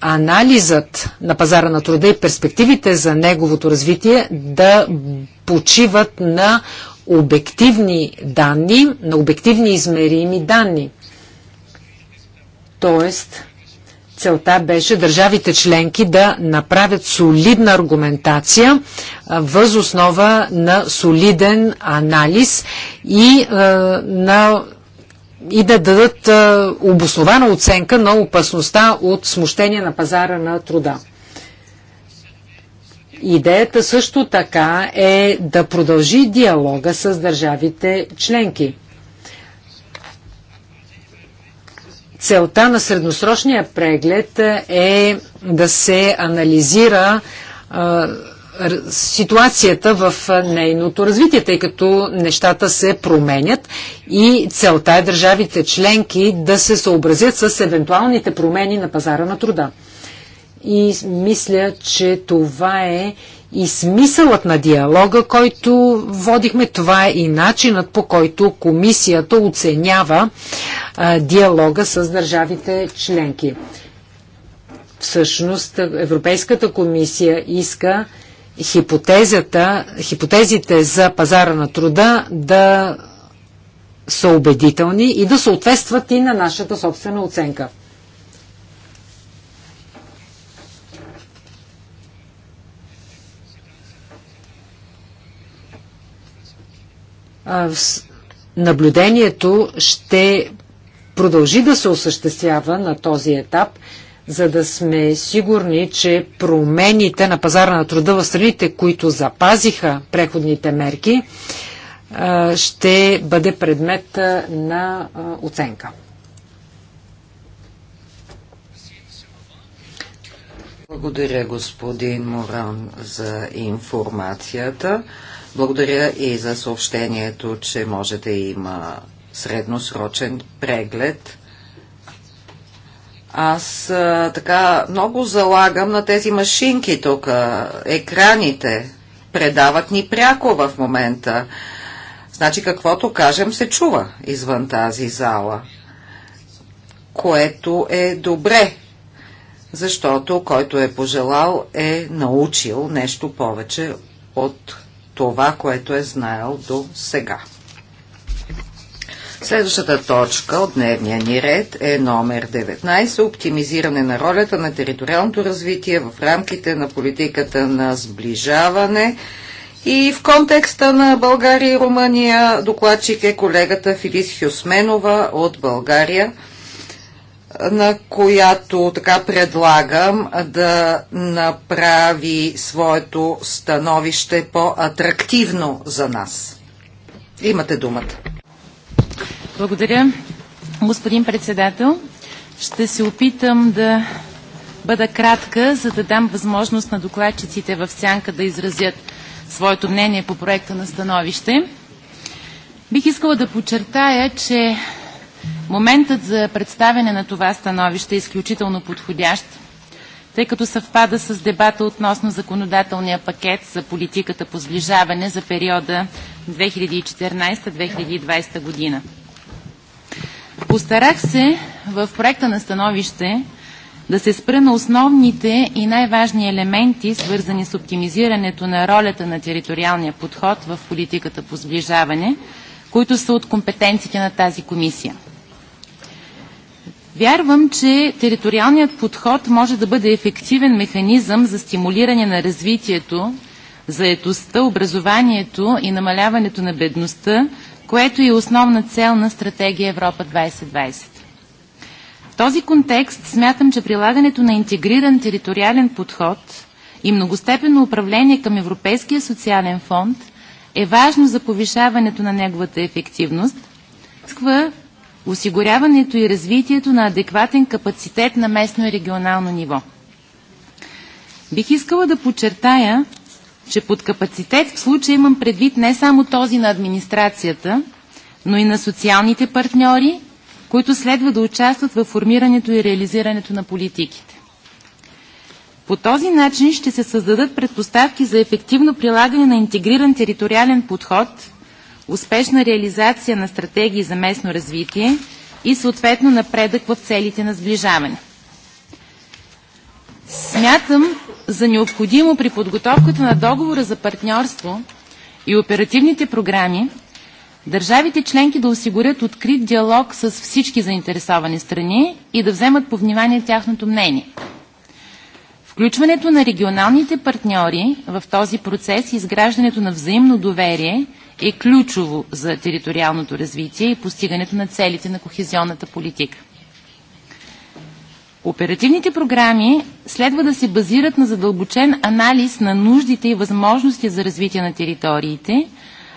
анализът на пазара на труда и перспективите за неговото развитие да почиват на обективни данни, на обективни измерими данни. Тоест, Целта беше държавите членки да направят солидна аргументация въз основа на солиден анализ и, е, на, и да дадат е, обоснована оценка на опасността от смущение на пазара на труда. Идеята също така е да продължи диалога с държавите членки Целта на средносрочния преглед е да се анализира ситуацията в нейното развитие, тъй като нещата се променят и целта е държавите членки да се съобразят с евентуалните промени на пазара на труда. И мисля, че това е и смисълът на диалога, който водихме, това е и начинът по който комисията оценява а, диалога с държавите членки. Всъщност Европейската комисия иска хипотезата, хипотезите за пазара на труда да са убедителни и да съответстват и на нашата собствена оценка. наблюдението ще продължи да се осъществява на този етап, за да сме сигурни, че промените на пазара на труда в страните, които запазиха преходните мерки, ще бъде предмет на оценка. Благодаря, господин Моран, за информацията. Благодаря и за съобщението, че може да има средносрочен преглед. Аз а, така много залагам на тези машинки тук, екраните. Предават ни пряко в момента. Значи каквото кажем се чува извън тази зала, което е добре, защото който е пожелал е научил нещо повече от това, което е знаел до сега. Следващата точка от дневния ни ред е номер 19 оптимизиране на ролята на териториалното развитие в рамките на политиката на сближаване. И в контекста на България и Румъния докладчик е колегата Филис Хюсменова от България – на която така предлагам да направи своето становище по-атрактивно за нас. Имате думата. Благодаря, господин председател. Ще се опитам да бъда кратка, за да дам възможност на докладчиците в сянка да изразят своето мнение по проекта на становище. Бих искала да подчертая, че Моментът за представяне на това становище е изключително подходящ, тъй като съвпада с дебата относно законодателния пакет за политиката по сближаване за периода 2014-2020 година. Постарах се в проекта на становище да се спра на основните и най-важни елементи, свързани с оптимизирането на ролята на териториалния подход в политиката по сближаване, които са от компетенциите на тази комисия. Вярвам, че териториалният подход може да бъде ефективен механизъм за стимулиране на развитието, заетостта, образованието и намаляването на бедността, което е основна цел на стратегия Европа 2020. В този контекст смятам, че прилагането на интегриран териториален подход и многостепенно управление към Европейския социален фонд е важно за повишаването на неговата ефективност, осигуряването и развитието на адекватен капацитет на местно и регионално ниво. Бих искала да подчертая, че под капацитет в случая имам предвид не само този на администрацията, но и на социалните партньори, които следва да участват в формирането и реализирането на политиките. По този начин ще се създадат предпоставки за ефективно прилагане на интегриран териториален подход успешна реализация на стратегии за местно развитие и съответно напредък в целите на сближаване. Смятам за необходимо при подготовката на договора за партньорство и оперативните програми държавите членки да осигурят открит диалог с всички заинтересовани страни и да вземат по внимание тяхното мнение. Включването на регионалните партньори в този процес и изграждането на взаимно доверие – е ключово за териториалното развитие и постигането на целите на кохезионната политика. Оперативните програми следва да се базират на задълбочен анализ на нуждите и възможности за развитие на териториите,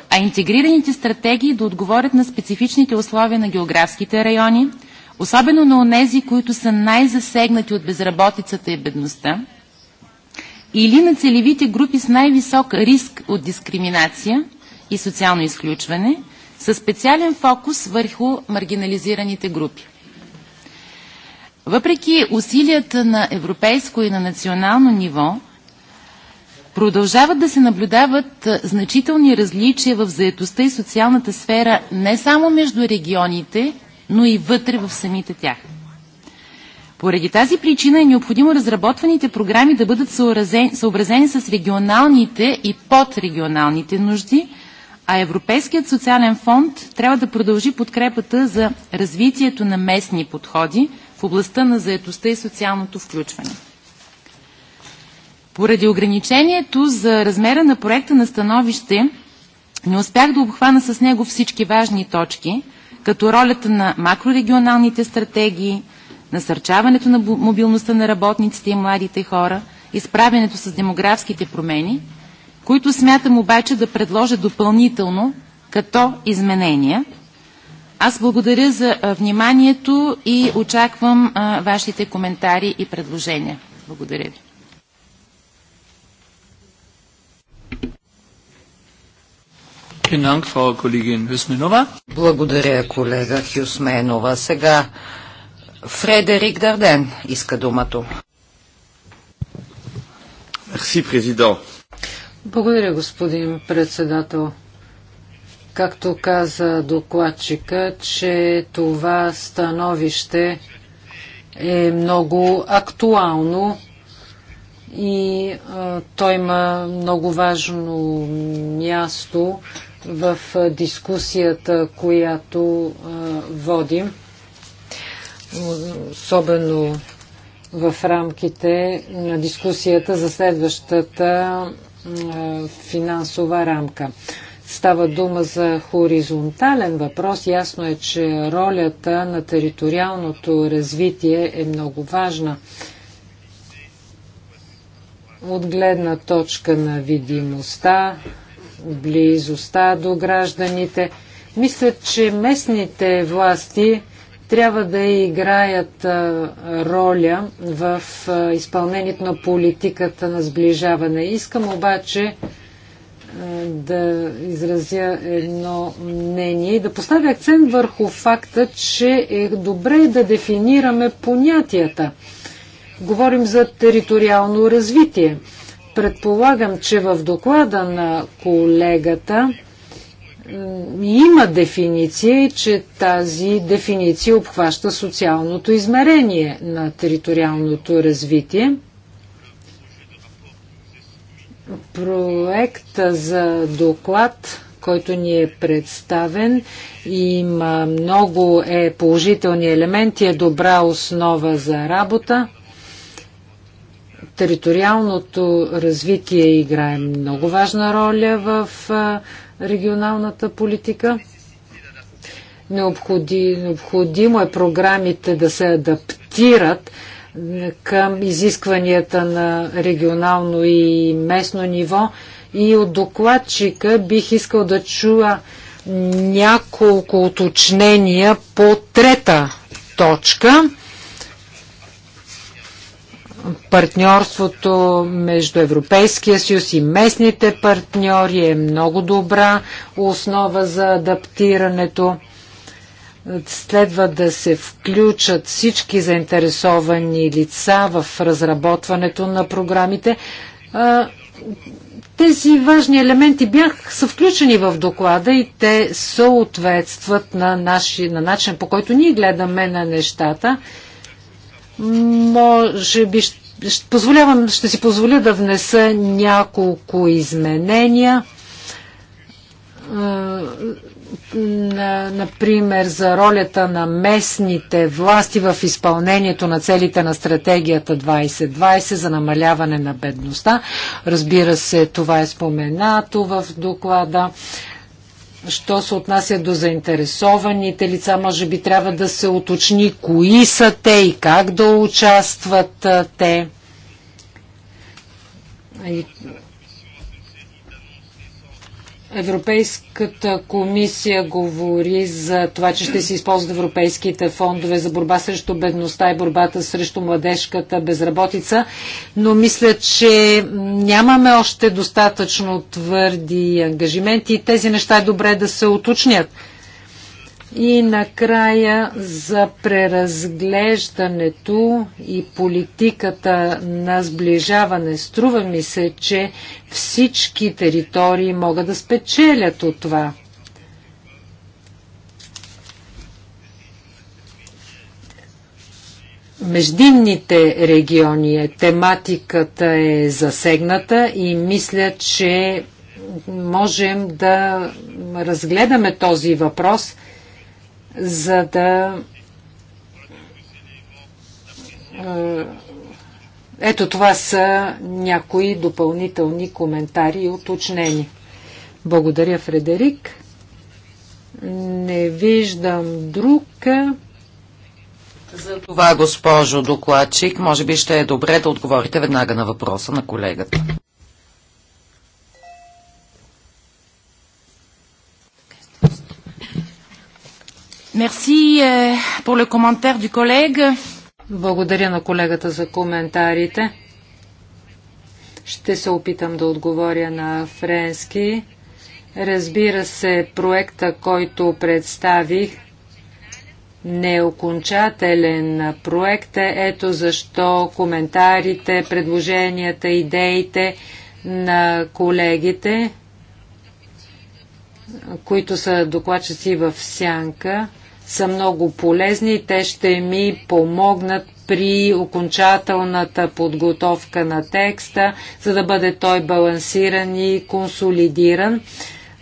а интегрираните стратегии да отговорят на специфичните условия на географските райони, особено на онези, които са най-засегнати от безработицата и бедността, или на целевите групи с най-висок риск от дискриминация – и социално изключване, със специален фокус върху маргинализираните групи. Въпреки усилията на европейско и на национално ниво, продължават да се наблюдават значителни различия в заетостта и социалната сфера не само между регионите, но и вътре в самите тях. Поради тази причина е необходимо разработваните програми да бъдат съобразени, съобразени с регионалните и подрегионалните нужди – а Европейският социален фонд трябва да продължи подкрепата за развитието на местни подходи в областта на заетостта и социалното включване. Поради ограничението за размера на проекта на становище не успях да обхвана с него всички важни точки, като ролята на макрорегионалните стратегии, насърчаването на мобилността на работниците и младите хора, изправянето с демографските промени – които смятам обаче да предложа допълнително като изменения. Аз благодаря за вниманието и очаквам вашите коментари и предложения. Благодаря ви. Благодаря, колега Хюсменова. Сега Фредерик Дарден иска думато. Мерси, президент. Благодаря, господин председател. Както каза докладчика, че това становище е много актуално и а, той има много важно място в а, дискусията, която а, водим, особено в рамките на дискусията за следващата финансова рамка. Става дума за хоризонтален въпрос. Ясно е, че ролята на териториалното развитие е много важна. От гледна точка на видимостта, близостта до гражданите, мисля, че местните власти трябва да играят роля в изпълнението на политиката на сближаване. Искам обаче да изразя едно мнение и да поставя акцент върху факта, че е добре да дефинираме понятията. Говорим за териториално развитие. Предполагам, че в доклада на колегата има дефиниция и че тази дефиниция обхваща социалното измерение на териториалното развитие. Проекта за доклад, който ни е представен, има много е положителни елементи, е добра основа за работа. Териториалното развитие играе много важна роля в регионалната политика. Необходи, необходимо е програмите да се адаптират е, към изискванията на регионално и местно ниво. И от докладчика бих искал да чуя няколко уточнения по трета точка партньорството между Европейския съюз и местните партньори е много добра основа за адаптирането. Следва да се включат всички заинтересовани лица в разработването на програмите. Тези важни елементи бях, са включени в доклада и те съответстват на, наши, на начин по който ние гледаме на нещата. Може би ще, позволявам, ще си позволя да внеса няколко изменения. Е, например, за ролята на местните власти в изпълнението на целите на стратегията 2020 за намаляване на бедността. Разбира се, това е споменато в доклада Що се отнася до заинтересованите лица, може би трябва да се уточни кои са те и как да участват те. Европейската комисия говори за това, че ще се използват европейските фондове за борба срещу бедността и борбата срещу младежката безработица, но мисля, че нямаме още достатъчно твърди ангажименти и тези неща е добре да се уточнят. И накрая за преразглеждането и политиката на сближаване. Струва ми се, че всички територии могат да спечелят от това. междинните региони е, тематиката е засегната и мисля, че можем да разгледаме този въпрос за да е, ето това са някои допълнителни коментари и уточнени. Благодаря, Фредерик. Не виждам друг. За това, госпожо докладчик, може би ще е добре да отговорите веднага на въпроса на колегата. Merci euh, pour le commentaire du collègue. Благодаря на колегата за коментарите. Ще се опитам да отговоря на френски. Разбира се, проекта, който представих, не е окончателен проект. Ето защо коментарите, предложенията, идеите на колегите, които са докладчици в Сянка, са много полезни и те ще ми помогнат при окончателната подготовка на текста, за да бъде той балансиран и консолидиран.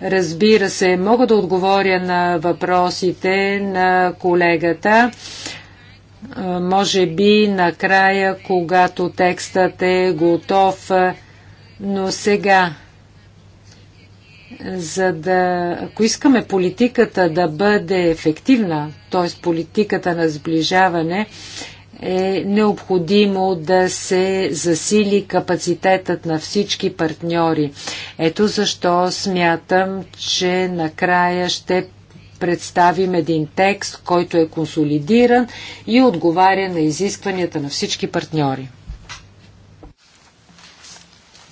Разбира се, мога да отговоря на въпросите на колегата. Може би накрая, когато текстът е готов, но сега за да, ако искаме политиката да бъде ефективна, т.е. политиката на сближаване, е необходимо да се засили капацитетът на всички партньори. Ето защо смятам, че накрая ще представим един текст, който е консолидиран и отговаря на изискванията на всички партньори.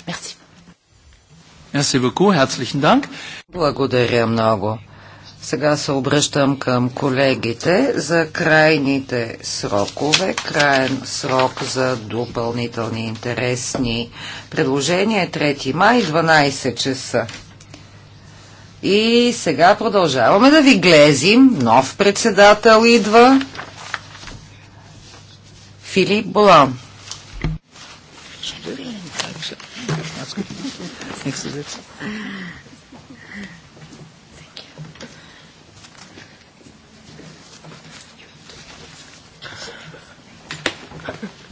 Мерси. Благодаря много. Сега се обръщам към колегите за крайните срокове. Краен срок за допълнителни интересни предложения 3 е май 12 часа. И сега продължаваме да ви глезим. Нов председател идва. Филип Болан. Благодаря nächste Sitzung. Thank you.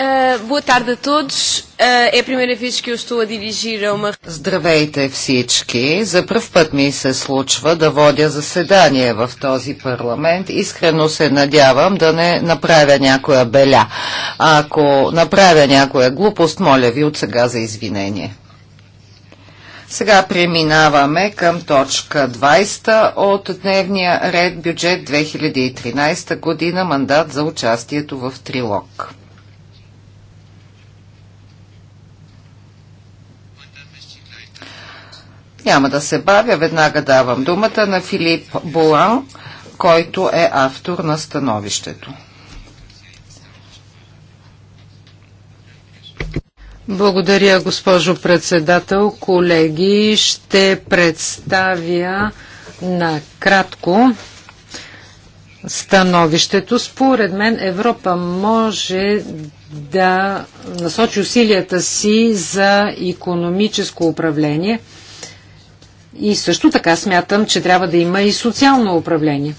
Uh, boa tarde a todos. Uh, é a primeira vez que eu estou a dirigir a uma... Здравейте всички! За пръв път ми се случва да водя заседание в този парламент. Искрено се надявам да не направя някоя беля. Ако направя някоя глупост, моля ви от сега за извинение. Сега преминаваме към точка 20 от дневния ред бюджет 2013 година мандат за участието в трилог. Няма да се бавя, веднага давам думата на Филип Болан, който е автор на становището. Благодаря, госпожо председател. Колеги, ще представя накратко становището. Според мен Европа може да насочи усилията си за економическо управление – и също така смятам, че трябва да има и социално управление.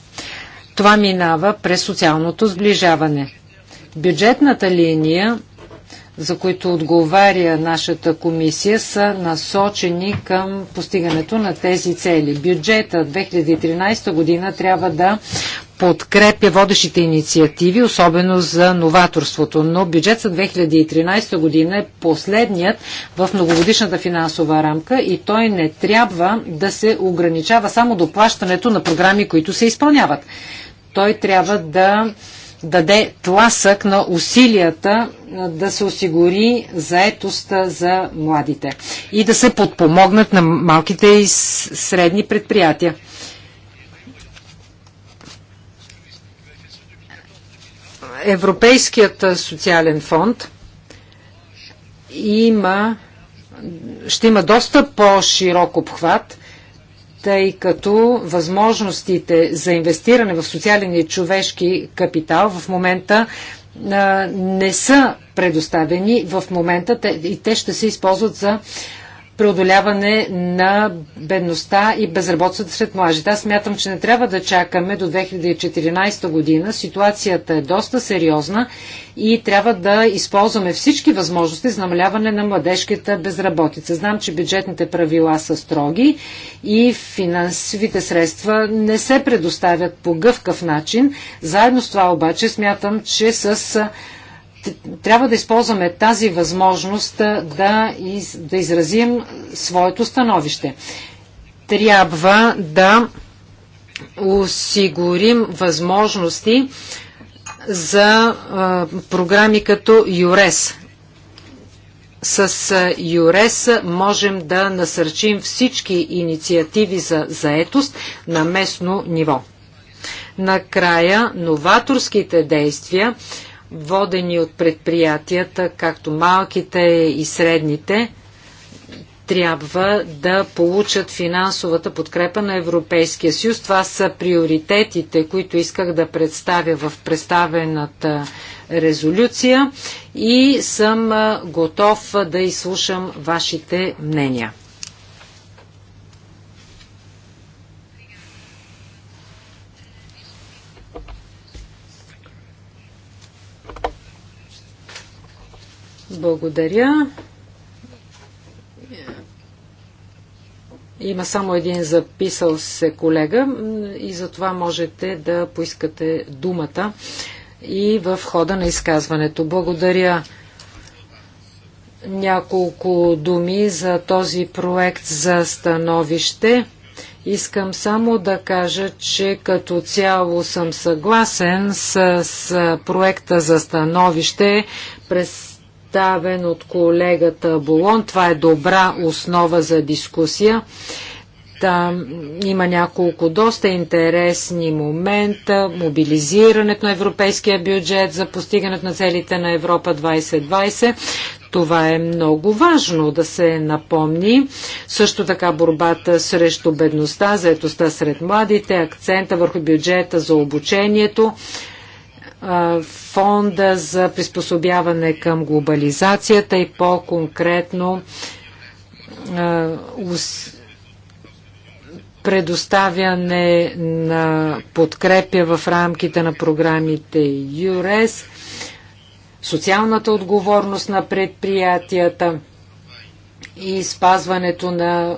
Това минава през социалното сближаване. Бюджетната линия, за които отговаря нашата комисия, са насочени към постигането на тези цели. Бюджета 2013 година трябва да подкрепя водещите инициативи, особено за новаторството. Но бюджет за 2013 година е последният в многогодишната финансова рамка и той не трябва да се ограничава само до плащането на програми, които се изпълняват. Той трябва да даде тласък на усилията да се осигури заетост за младите и да се подпомогнат на малките и средни предприятия. Европейският социален фонд има, ще има доста по-широк обхват, тъй като възможностите за инвестиране в социален и човешки капитал в момента не са предоставени в момента и те ще се използват за преодоляване на бедността и безработицата сред младите. Аз смятам, че не трябва да чакаме до 2014 година. Ситуацията е доста сериозна и трябва да използваме всички възможности за намаляване на младежката безработица. Знам, че бюджетните правила са строги и финансовите средства не се предоставят по гъвкав начин. Заедно с това обаче смятам, че с трябва да използваме тази възможност да, из, да изразим своето становище. Трябва да осигурим възможности за а, програми като ЮРЕС. С а, ЮРЕС можем да насърчим всички инициативи за заетост на местно ниво. Накрая, новаторските действия водени от предприятията, както малките и средните, трябва да получат финансовата подкрепа на Европейския съюз. Това са приоритетите, които исках да представя в представената резолюция и съм готов да изслушам вашите мнения. Благодаря. Има само един записал се колега и за това можете да поискате думата и в хода на изказването. Благодаря няколко думи за този проект за становище. Искам само да кажа, че като цяло съм съгласен с, с проекта за становище. През представен от колегата Болон. Това е добра основа за дискусия. Там има няколко доста интересни момента. Мобилизирането на европейския бюджет за постигането на целите на Европа 2020. Това е много важно да се напомни. Също така борбата срещу бедността, заетостта сред младите, акцента върху бюджета за обучението фонда за приспособяване към глобализацията и по-конкретно предоставяне на подкрепя в рамките на програмите ЮРЕС, социалната отговорност на предприятията и спазването на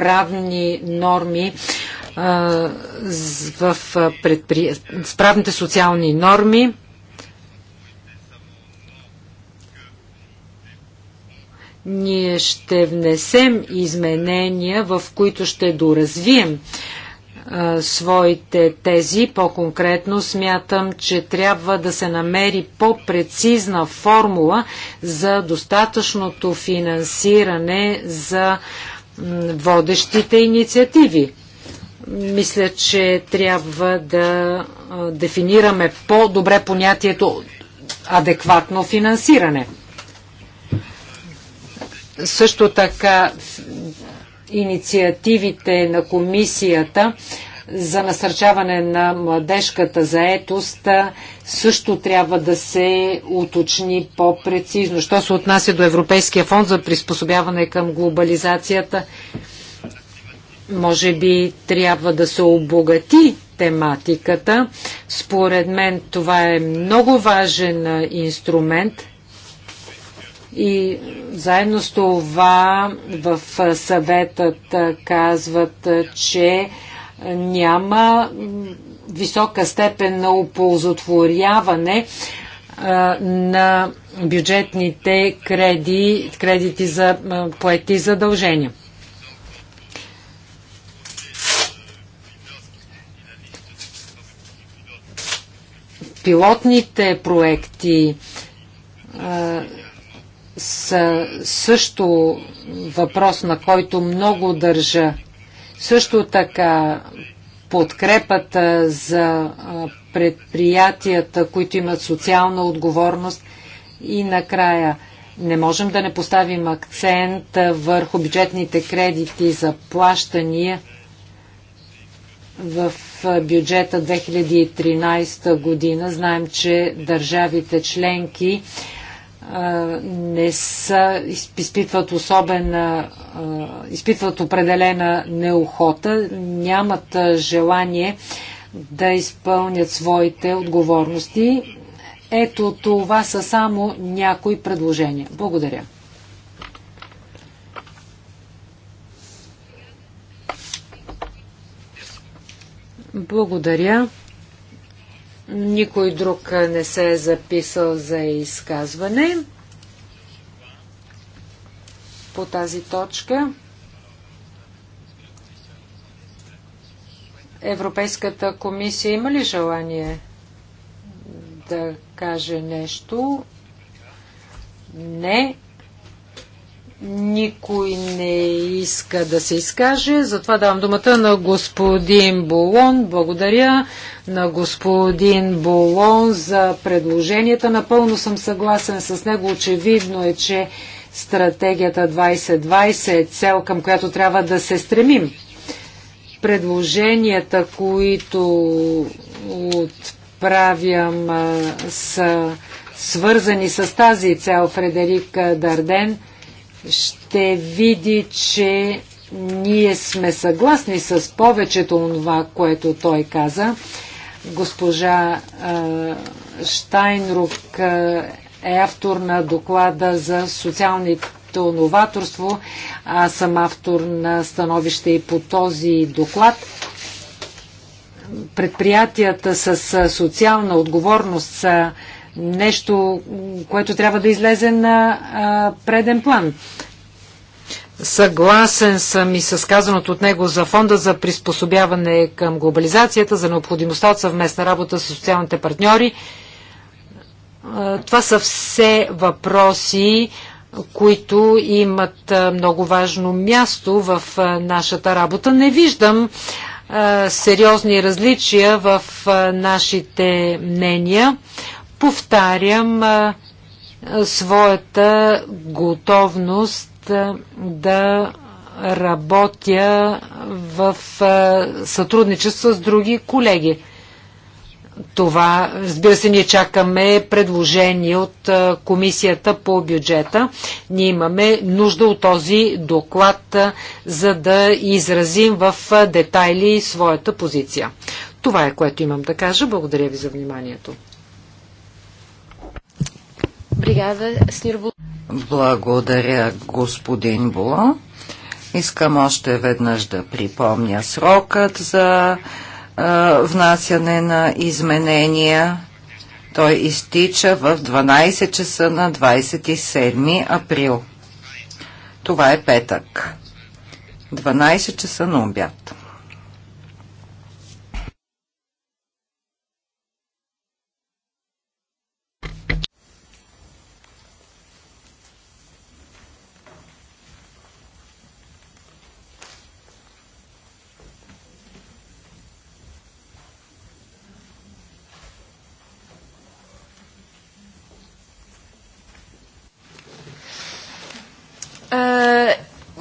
правни норми в предпри... с правните социални норми. Ние ще внесем изменения, в които ще доразвием а, своите тези. По-конкретно смятам, че трябва да се намери по-прецизна формула за достатъчното финансиране за а, водещите инициативи. Мисля, че трябва да дефинираме по-добре понятието адекватно финансиране. Също така инициативите на комисията за насърчаване на младежката заетост също трябва да се уточни по-прецизно. Що се отнася до Европейския фонд за приспособяване към глобализацията, може би трябва да се обогати тематиката. Според мен това е много важен инструмент и заедно с това в съветът казват, че няма висока степен на оползотворяване на бюджетните креди, кредити за поети задължения. Пилотните проекти а, са също въпрос, на който много държа също така подкрепата за предприятията, които имат социална отговорност и накрая не можем да не поставим акцент върху бюджетните кредити за плащания в бюджета 2013 година. Знаем, че държавите членки не са, изпитват особена, изпитват определена неохота, нямат желание да изпълнят своите отговорности. Ето това са само някои предложения. Благодаря. Благодаря. Никой друг не се е записал за изказване по тази точка. Европейската комисия има ли желание да каже нещо? Не. Никой не иска да се изкаже, затова давам думата на господин Болон. Благодаря на господин Болон за предложенията. Напълно съм съгласен с него. Очевидно е, че стратегията 2020 е цел, към която трябва да се стремим. Предложенията, които отправям, са свързани с тази цел Фредерик Дарден – ще види, че ние сме съгласни с повечето това, което той каза. Госпожа е, Штайнрук е автор на доклада за социалното новаторство. Аз съм автор на становище и по този доклад. Предприятията с социална отговорност са нещо, което трябва да излезе на а, преден план. Съгласен съм и с казаното от него за фонда за приспособяване към глобализацията, за необходимостта от съвместна работа с социалните партньори. Това са все въпроси, които имат много важно място в нашата работа. Не виждам сериозни различия в нашите мнения повтарям своята готовност да работя в сътрудничество с други колеги. Това, разбира се, ние чакаме предложение от комисията по бюджета. Ние имаме нужда от този доклад, за да изразим в детайли своята позиция. Това е което имам да кажа. Благодаря ви за вниманието. Благодаря, господин Було. Искам още веднъж да припомня срокът за е, внасяне на изменения. Той изтича в 12 часа на 27 април. Това е петък. 12 часа на обяд.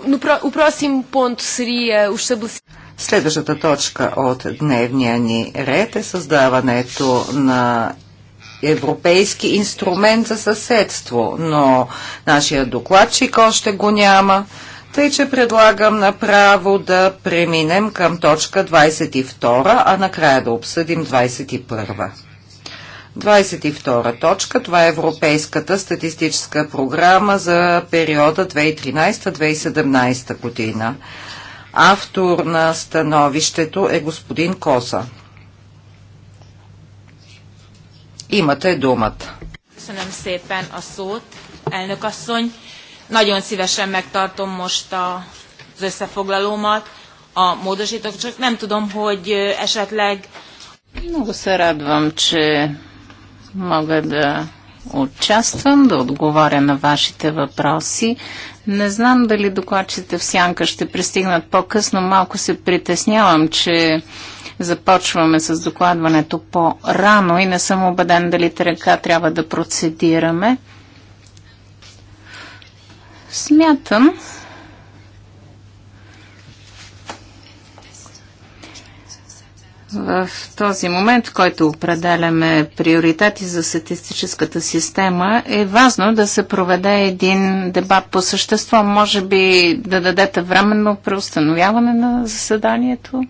No, o próximo ponto seria o estabelecimento. Следващата точка от дневния ни ред е създаването на европейски инструмент за съседство, но нашия докладчик още го няма. Тъй, че предлагам направо да преминем към точка 22, а накрая да обсъдим 21. 22 точка, това е Европейската статистическа програма за периода 2013-2017 година. Автор на становището е господин Коса. Имате думата. Köszönöm szépen a szót, elnök asszony. Nagyon szívesen megtartom most az összefoglalómat, a módosítok, csak nem tudom, hogy esetleg... Nagyon szeretném, hogy мога да участвам, да отговоря на вашите въпроси. Не знам дали докладчите в Сянка ще пристигнат по-късно. Малко се притеснявам, че започваме с докладването по-рано и не съм убеден дали така трябва да процедираме. Смятам, В този момент, в който определяме приоритети за статистическата система, е важно да се проведе един дебат по същество. Може би да дадете временно преустановяване на заседанието?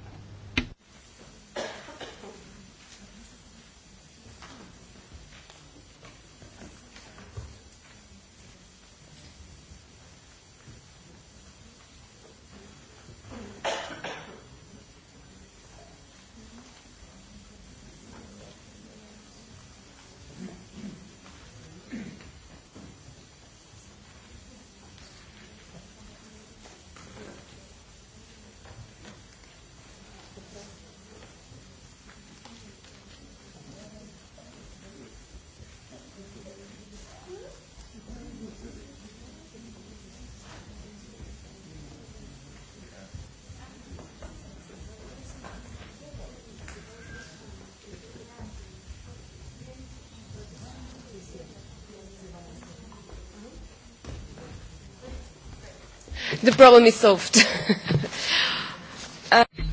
The problem is solved.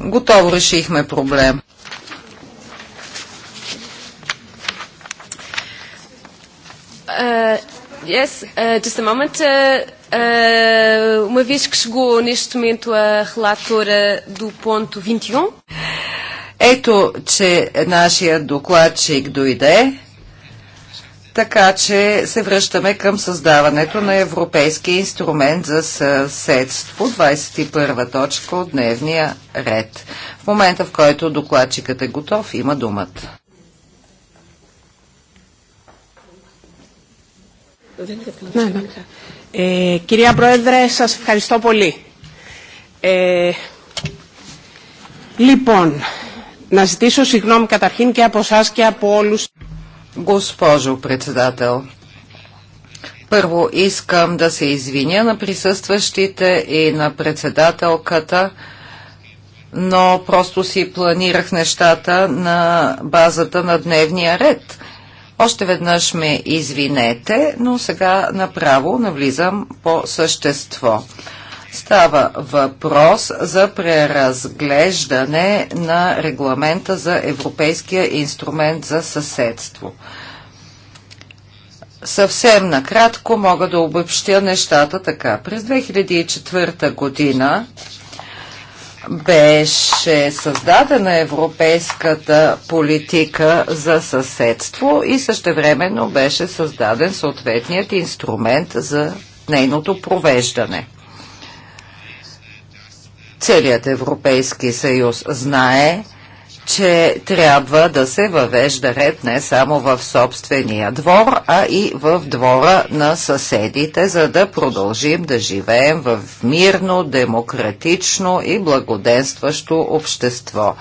Готово решихме проблем. Uh, yes, uh, just a moment. Uh, uh, uma vez que chegou neste momento a relatora do ponto 21. Ето, че нашия докладчик дойде така че се връщаме към създаването на Европейски инструмент за съседство, 21 точка от дневния ред. В момента, в който докладчикът е готов, има думата. Е, Кирия проедре, Πρόεδρε, σας ευχαριστώ πολύ. Ε, е, λοιπόν, να ζητήσω συγγνώμη καταρχήν και από εσά και από όλους. Госпожо председател, първо искам да се извиня на присъстващите и на председателката, но просто си планирах нещата на базата на дневния ред. Още веднъж ме извинете, но сега направо навлизам по същество. Става въпрос за преразглеждане на регламента за Европейския инструмент за съседство. Съвсем накратко мога да обобщя нещата така. През 2004 година беше създадена европейската политика за съседство и същевременно беше създаден съответният инструмент за нейното провеждане. Целият Европейски съюз знае, че трябва да се въвежда ред не само в собствения двор, а и в двора на съседите, за да продължим да живеем в мирно, демократично и благоденстващо общество.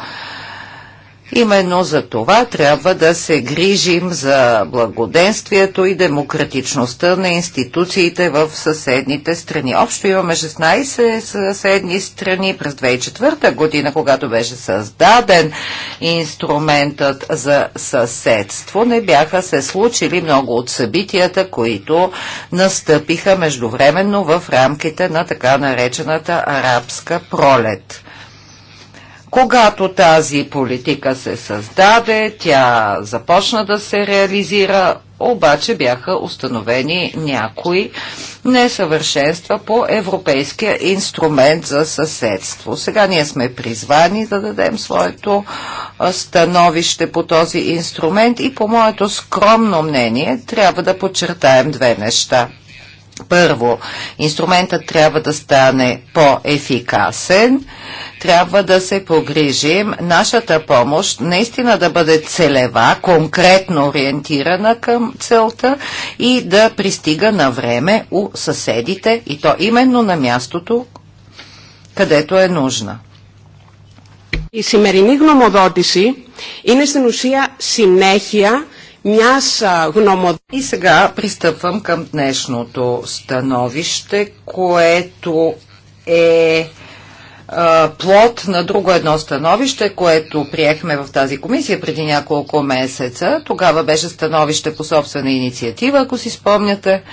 Именно за това трябва да се грижим за благоденствието и демократичността на институциите в съседните страни. Общо имаме 16 съседни страни през 2004 година, когато беше създаден инструментът за съседство. Не бяха се случили много от събитията, които настъпиха междувременно в рамките на така наречената арабска пролет. Когато тази политика се създаде, тя започна да се реализира, обаче бяха установени някои несъвършенства по Европейския инструмент за съседство. Сега ние сме призвани да дадем своето становище по този инструмент и по моето скромно мнение трябва да подчертаем две неща – първо, инструментът трябва да стане по-ефикасен, трябва да се погрижим нашата помощ наистина да бъде целева, конкретно ориентирана към целта и да пристига на време у съседите и то именно на мястото, където е нужна. Η σημερινή γνωμοδότηση είναι στην ουσία συνέχεια μιας ами гномод. И сега пристъпвам към днешното становище, което е плод на друго едно становище, което приехме в тази комисия преди няколко месеца. Тогава беше становище по собствена инициатива, ако си спомняте.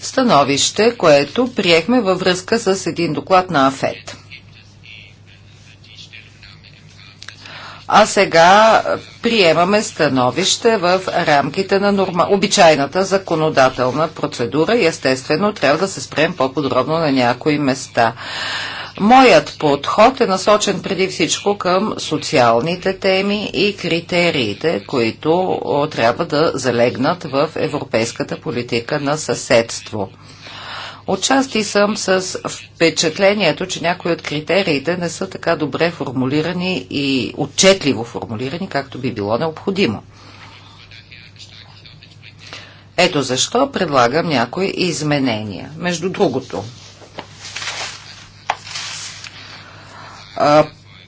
Становище, което приехме във връзка с един доклад на АФЕТ. а сега приемаме становище в рамките на норма... обичайната законодателна процедура и естествено трябва да се спрем по-подробно на някои места. Моят подход е насочен преди всичко към социалните теми и критериите, които трябва да залегнат в европейската политика на съседство. Отчасти съм с впечатлението, че някои от критериите не са така добре формулирани и отчетливо формулирани, както би било необходимо. Ето защо предлагам някои изменения. Между другото,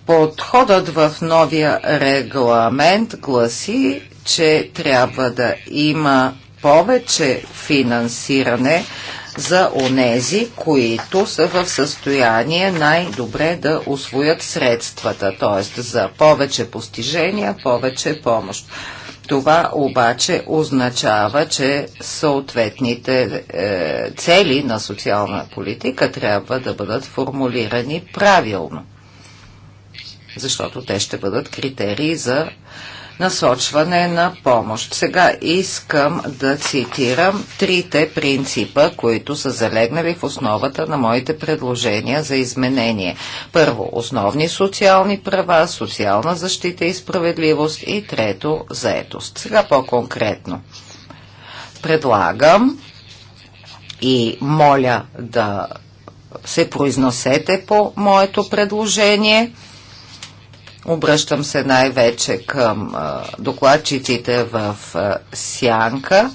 подходът в новия регламент гласи, че трябва да има повече финансиране за онези, които са в състояние най-добре да освоят средствата, т.е. за повече постижения, повече помощ. Това обаче означава, че съответните е, цели на социална политика трябва да бъдат формулирани правилно, защото те ще бъдат критерии за насочване на помощ. Сега искам да цитирам трите принципа, които са залегнали в основата на моите предложения за изменение. Първо, основни социални права, социална защита и справедливост и трето, заетост. Сега по-конкретно. Предлагам и моля да се произносете по моето предложение – Обръщам се най-вече към докладчиците в Сянка.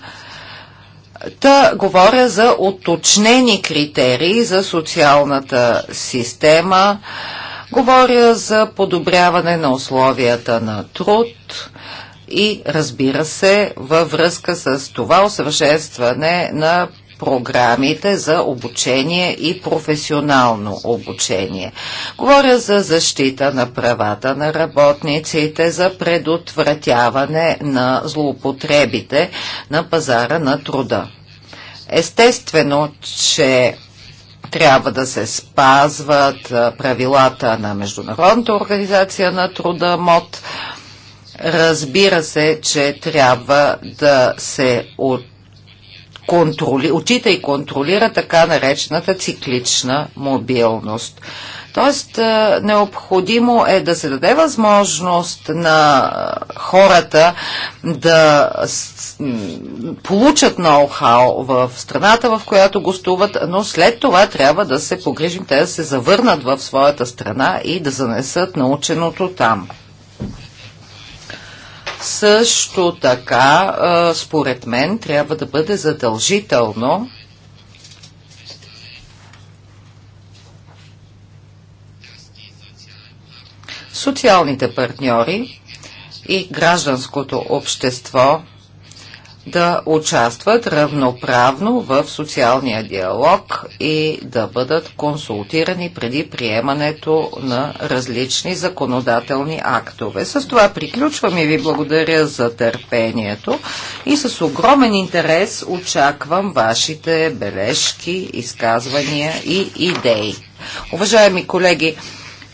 Та говоря за уточнени критерии за социалната система, говоря за подобряване на условията на труд и разбира се във връзка с това усъвършенстване на програмите за обучение и професионално обучение. Говоря за защита на правата на работниците, за предотвратяване на злоупотребите на пазара на труда. Естествено, че трябва да се спазват правилата на Международната организация на труда МОД. Разбира се, че трябва да се от контроли, очита и контролира така наречената циклична мобилност. Тоест, е, необходимо е да се даде възможност на е, хората да получат ноу-хау в страната, в която гостуват, но след това трябва да се погрижим те да се завърнат в своята страна и да занесат наученото там. Също така, според мен, трябва да бъде задължително социалните партньори и гражданското общество да участват равноправно в социалния диалог и да бъдат консултирани преди приемането на различни законодателни актове. С това приключвам и ви благодаря за търпението и с огромен интерес очаквам вашите бележки, изказвания и идеи. Уважаеми колеги,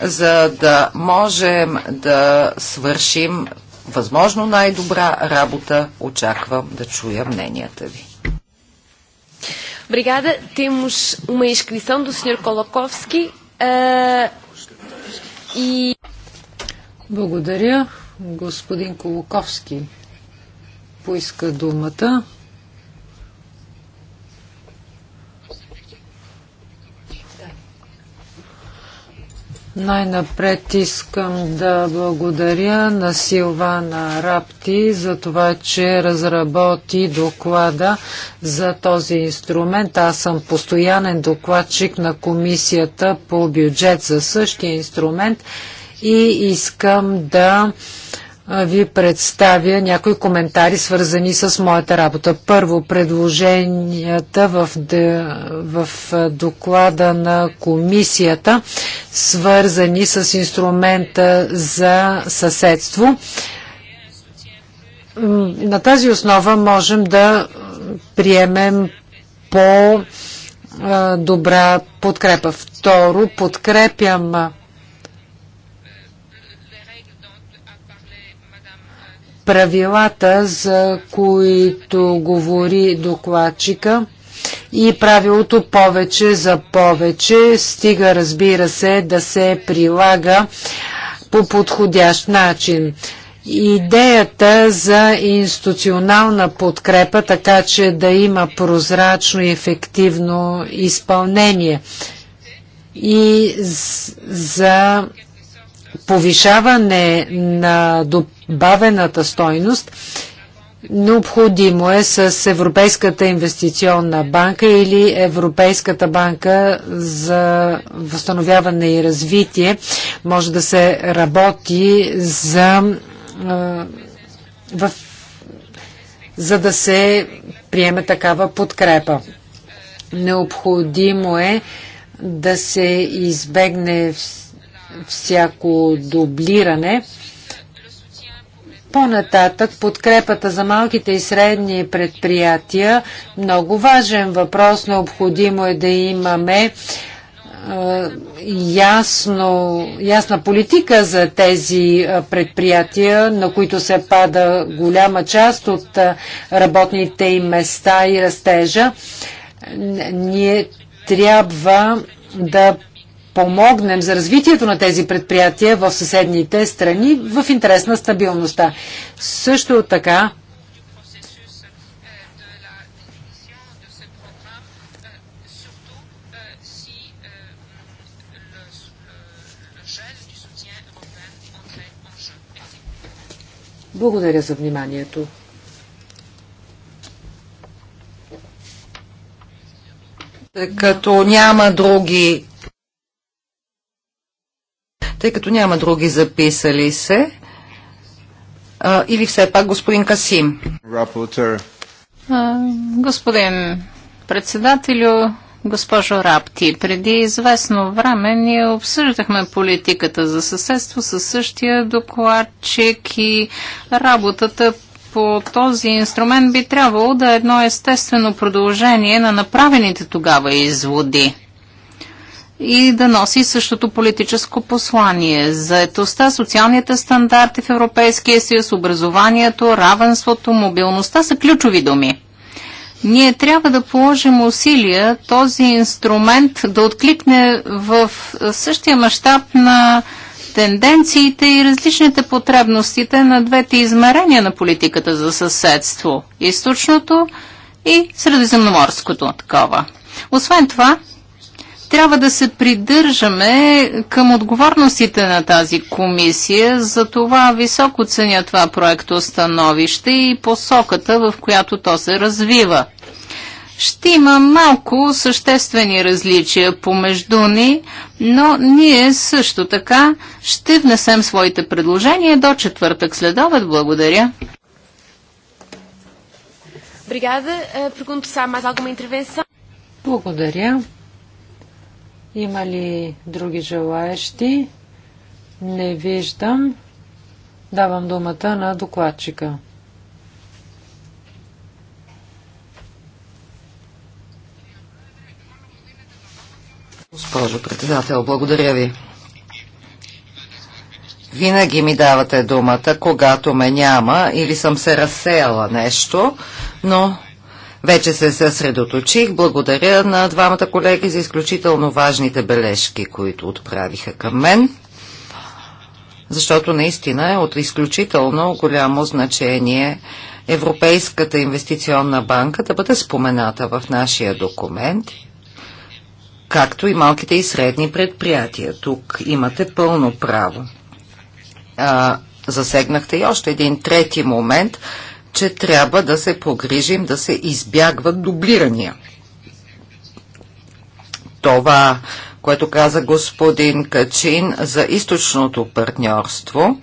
за да можем да свършим възможно най-добра работа. Очаквам да чуя мненията ви. Obrigada. Temos uma inscrição do Sr. Kolokowski. Uh, и... Благодаря. Господин Колаковски поиска думата. Най-напред искам да благодаря на Силвана Рапти за това, че разработи доклада за този инструмент. Аз съм постоянен докладчик на комисията по бюджет за същия инструмент и искам да ви представя някои коментари, свързани с моята работа. Първо, предложенията в, в доклада на комисията, свързани с инструмента за съседство. На тази основа можем да приемем по-добра подкрепа. Второ, подкрепям правилата, за които говори докладчика и правилото повече за повече стига, разбира се, да се прилага по подходящ начин. Идеята за институционална подкрепа, така че да има прозрачно и ефективно изпълнение и за повишаване на добавената стойност, необходимо е с Европейската инвестиционна банка или Европейската банка за възстановяване и развитие. Може да се работи за, в, за да се приеме такава подкрепа. Необходимо е да се избегне всички всяко дублиране. По-нататък подкрепата за малките и средни предприятия. Много важен въпрос. Необходимо е да имаме е, ясно, ясна политика за тези е, предприятия, на които се пада голяма част от е, работните им места и растежа. Ние трябва да помогнем за развитието на тези предприятия в съседните страни в интерес на стабилността. Също така Благодаря за вниманието. Като няма други тъй като няма други записали се. А, или все пак господин Касим. А, Господин председателю, госпожо Рапти, преди известно време ние обсъждахме политиката за съседство със същия докладчик и работата по този инструмент би трябвало да е едно естествено продължение на направените тогава изводи и да носи същото политическо послание. Заетостта, социалните стандарти в Европейския съюз, образованието, равенството, мобилността са ключови думи. Ние трябва да положим усилия този инструмент да откликне в същия мащаб на тенденциите и различните потребностите на двете измерения на политиката за съседство – източното и средиземноморското такова. Освен това, трябва да се придържаме към отговорностите на тази комисия. За това високо ценя това проекто становище и посоката, в която то се развива. Ще има малко съществени различия помежду ни, но ние също така ще внесем своите предложения до четвъртък следобед. обед. Благодаря. Eh, Благодаря. Има ли други желаещи? Не виждам. Давам думата на докладчика. Госпожо председател, благодаря ви. Винаги ми давате думата, когато ме няма или съм се разсеяла нещо, но вече се съсредоточих. Благодаря на двамата колеги за изключително важните бележки, които отправиха към мен, защото наистина е от изключително голямо значение Европейската инвестиционна банка да бъде спомената в нашия документ, както и малките и средни предприятия. Тук имате пълно право. А, засегнахте и още един трети момент – че трябва да се погрижим да се избягват дублирания. Това, което каза господин Качин за източното партньорство,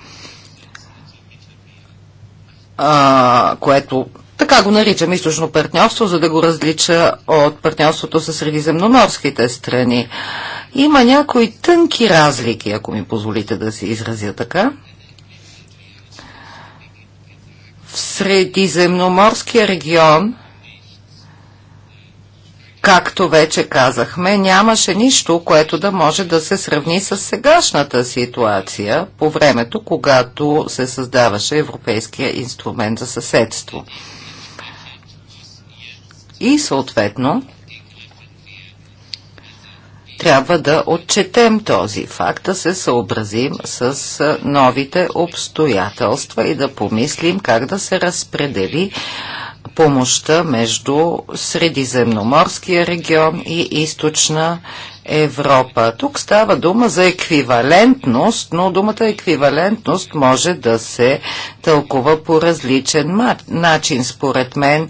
а, което така го наричам източно партньорство, за да го различа от партньорството с средиземноморските страни. Има някои тънки разлики, ако ми позволите да се изразя така в Средиземноморския регион, както вече казахме, нямаше нищо, което да може да се сравни с сегашната ситуация по времето, когато се създаваше Европейския инструмент за съседство. И съответно, трябва да отчетем този факт, да се съобразим с новите обстоятелства и да помислим как да се разпредели помощта между Средиземноморския регион и източна Европа. Тук става дума за еквивалентност, но думата еквивалентност може да се тълкува по различен начин. Според мен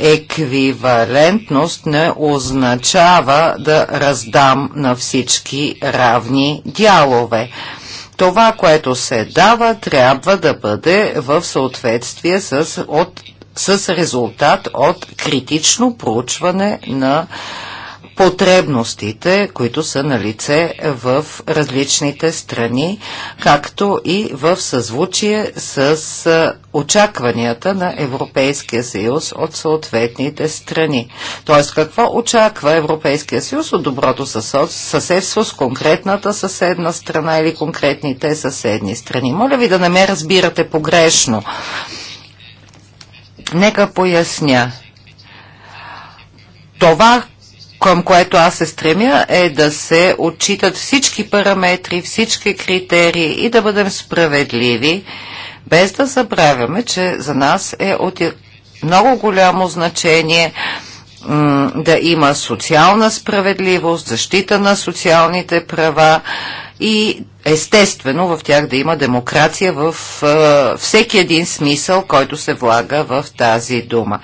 еквивалентност не означава да раздам на всички равни дялове. Това, което се дава, трябва да бъде в съответствие с, от, с резултат от критично проучване на потребностите, които са на лице в различните страни, както и в съзвучие с очакванията на Европейския съюз от съответните страни. Тоест, какво очаква Европейския съюз от доброто съседство с конкретната съседна страна или конкретните съседни страни? Моля ви да не ме разбирате погрешно. Нека поясня. Това, към което аз се стремя, е да се отчитат всички параметри, всички критерии и да бъдем справедливи, без да забравяме, че за нас е от много голямо значение да има социална справедливост, защита на социалните права и естествено в тях да има демокрация в всеки един смисъл, който се влага в тази дума.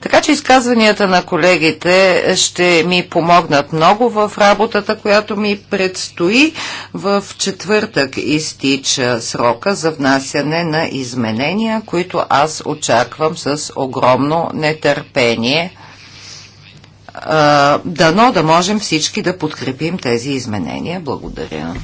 Така че изказванията на колегите ще ми помогнат много в работата, която ми предстои. В четвъртък изтича срока за внасяне на изменения, които аз очаквам с огромно нетърпение. Дано да можем всички да подкрепим тези изменения. Благодаря.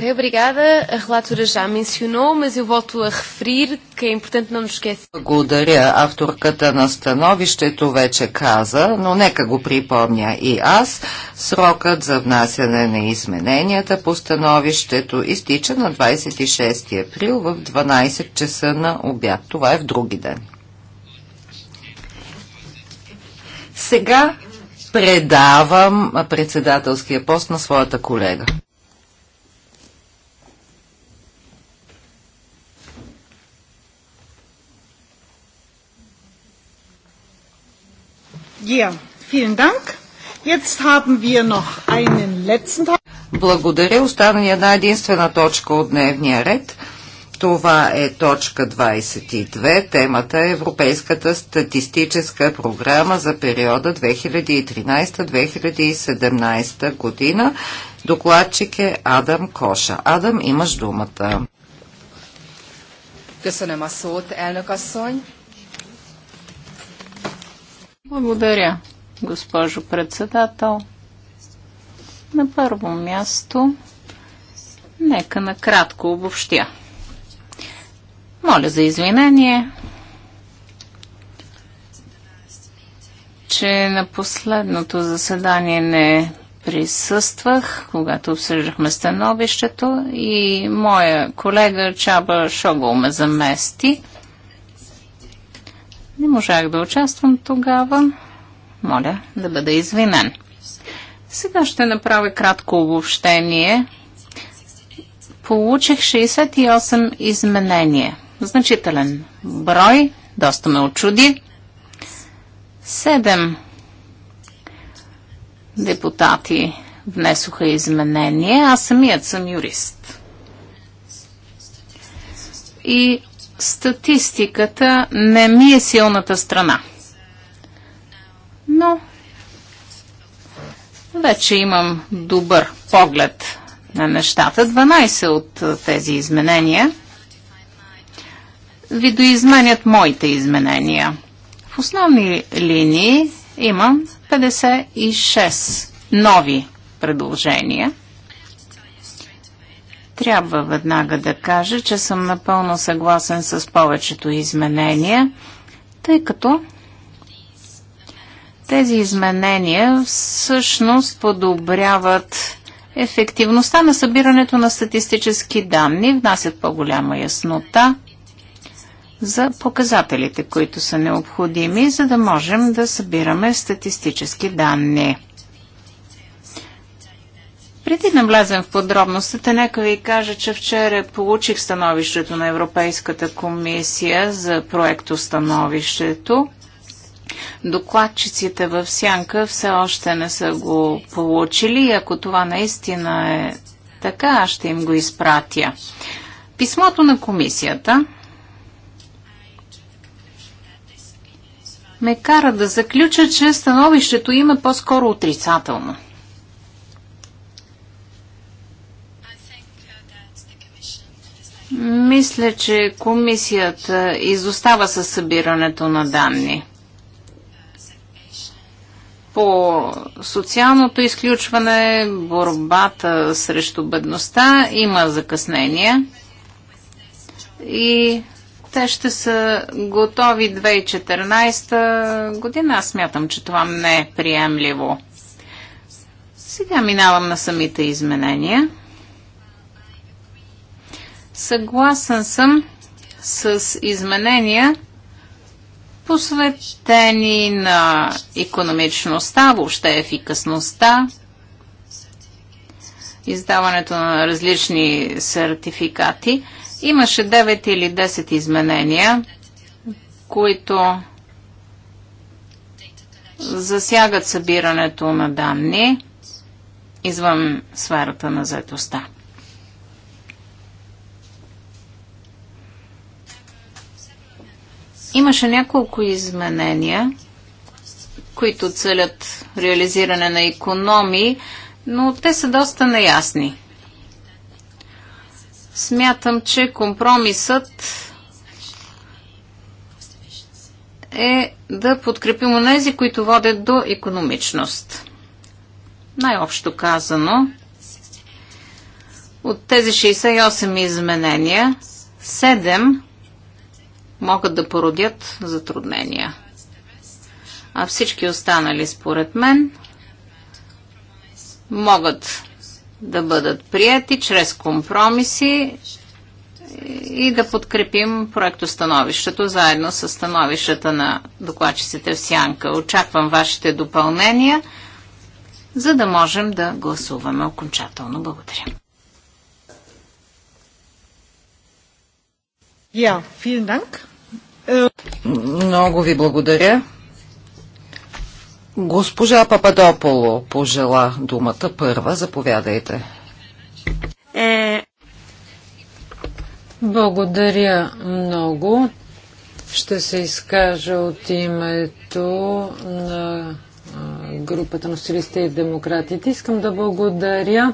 Ok, obrigada. A relatora já mencionou, mas eu volto a referir que é importante não nos esquecer. Благодаря. Авторката на становището вече каза, но нека го припомня и аз. Срокът за внасяне на измененията по становището изтича на 26 април в 12 часа на обяд. Това е в други ден. Сега предавам председателския пост на своята колега. Благодаря. Остана ни една единствена точка от дневния ред. Това е точка 22. Темата е Европейската статистическа програма за периода 2013-2017 година. Докладчик е Адам Коша. Адам, имаш думата. Благодаря, благодаря, госпожо председател. На първо място, нека накратко обобщя. Моля за извинение, че на последното заседание не присъствах, когато обсъждахме становището и моя колега Чаба Шогол ме замести – не можах да участвам тогава. Моля да бъда извинен. Сега ще направя кратко обобщение. Получих 68 изменения. Значителен брой, доста ме очуди. 7 депутати внесоха изменения. Аз самият съм юрист. И статистиката не ми е силната страна. Но вече имам добър поглед на нещата. 12 от тези изменения видоизменят моите изменения. В основни линии имам 56 нови предложения – трябва веднага да кажа, че съм напълно съгласен с повечето изменения, тъй като тези изменения всъщност подобряват ефективността на събирането на статистически данни, внасят по-голяма яснота за показателите, които са необходими, за да можем да събираме статистически данни. Преди да влезем в подробностите, нека ви кажа, че вчера получих становището на Европейската комисия за проекто становището. Докладчиците в Сянка все още не са го получили. Ако това наистина е така, аз ще им го изпратя. Писмото на комисията ме кара да заключа, че становището им по-скоро отрицателно – Мисля, че комисията изостава със събирането на данни. По социалното изключване, борбата срещу бедността има закъснения и те ще са готови 2014 година. Аз смятам, че това не е приемливо. Сега минавам на самите изменения. Съгласен съм с изменения, посветени на економичността, въобще ефикасността, издаването на различни сертификати. Имаше 9 или 10 изменения, които засягат събирането на данни извън сферата на заетостта. Имаше няколко изменения, които целят реализиране на економии, но те са доста неясни. Смятам, че компромисът е да подкрепим онези, които водят до економичност. Най-общо казано, от тези 68 изменения, могат да породят затруднения. А всички останали, според мен, могат да бъдат прияти чрез компромиси и да подкрепим проектостановището заедно с становищата на докладчиците в Сянка. Очаквам вашите допълнения, за да можем да гласуваме окончателно. Благодаря. Yeah, äh, uh... Много ви благодаря. Госпожа Пападополо пожела думата първа. Заповядайте. Е... Благодаря много. Ще се изкажа от името на групата на социалистите и демократите. Искам да благодаря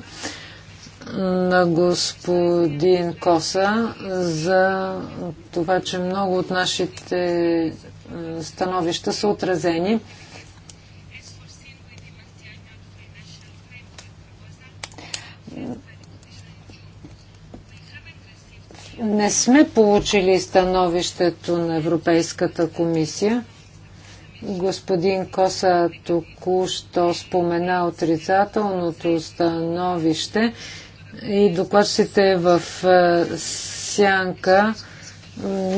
на господин Коса за това, че много от нашите е, становища са отразени. Не сме получили становището на Европейската комисия. Господин Коса току-що спомена отрицателното становище и докладчите в е, Сянка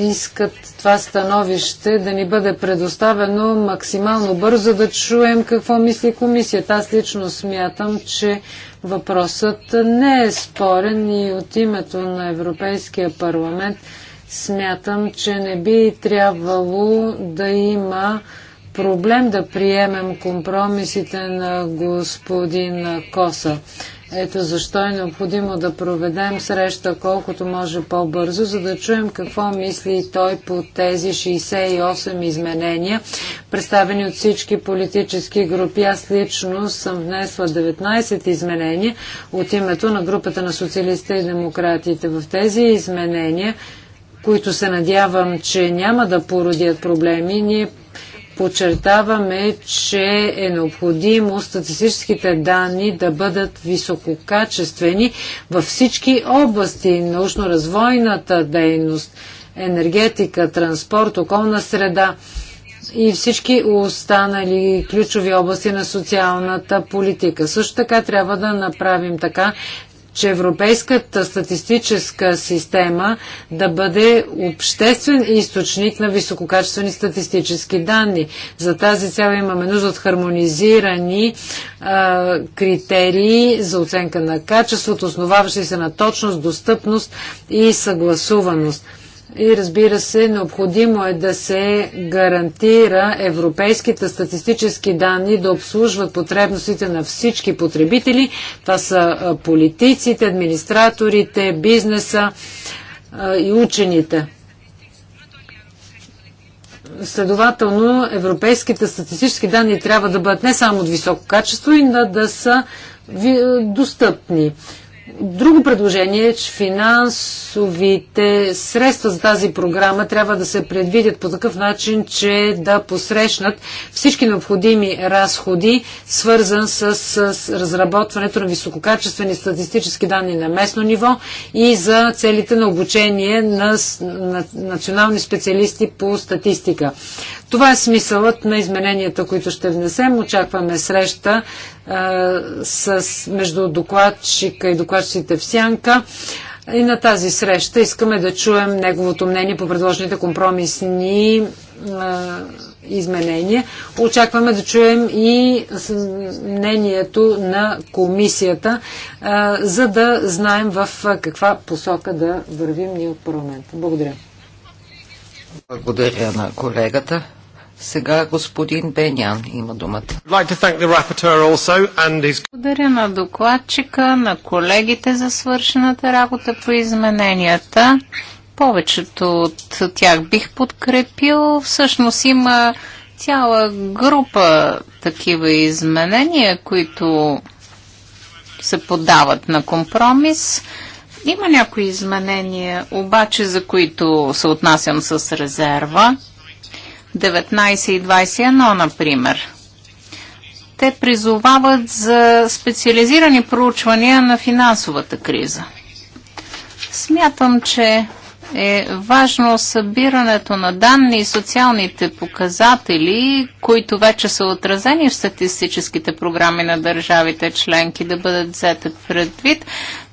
искат това становище да ни бъде предоставено максимално бързо да чуем какво мисли комисията. Аз лично смятам, че въпросът не е спорен и от името на Европейския парламент смятам, че не би трябвало да има проблем да приемем компромисите на господин Коса. Ето защо е необходимо да проведем среща колкото може по-бързо, за да чуем какво мисли той по тези 68 изменения, представени от всички политически групи. Аз лично съм внесла 19 изменения от името на групата на социалистите и демократите. В тези изменения, които се надявам, че няма да породят проблеми, ние Подчертаваме, че е необходимо статистическите данни да бъдат висококачествени във всички области. Научно-развойната дейност, енергетика, транспорт, околна среда и всички останали ключови области на социалната политика. Също така трябва да направим така, че европейската статистическа система да бъде обществен източник на висококачествени статистически данни. За тази цел имаме нужда от хармонизирани а, критерии за оценка на качеството, основаващи се на точност, достъпност и съгласуваност. И разбира се, необходимо е да се гарантира европейските статистически данни да обслужват потребностите на всички потребители. Това са политиците, администраторите, бизнеса и учените. Следователно, европейските статистически данни трябва да бъдат не само от високо качество, но да са достъпни. Друго предложение е, че финансовите средства за тази програма трябва да се предвидят по такъв начин, че да посрещнат всички необходими разходи, свързан с, с разработването на висококачествени статистически данни на местно ниво и за целите на обучение на, на национални специалисти по статистика. Това е смисълът на измененията, които ще внесем. Очакваме среща с, между докладчика и докладчиците в Сянка. И на тази среща искаме да чуем неговото мнение по предложените компромисни а, изменения. Очакваме да чуем и мнението на комисията, а, за да знаем в каква посока да вървим ние от парламента. Благодаря. Благодаря на колегата. Сега господин Бенян има думата. Благодаря на докладчика, на колегите за свършената работа по измененията. Повечето от тях бих подкрепил. Всъщност има цяла група такива изменения, които се подават на компромис. Има някои изменения, обаче за които се отнасям с резерва. 19 и 21, например. Те призовават за специализирани проучвания на финансовата криза. Смятам, че е важно събирането на данни и социалните показатели, които вече са отразени в статистическите програми на държавите членки, да бъдат взети предвид,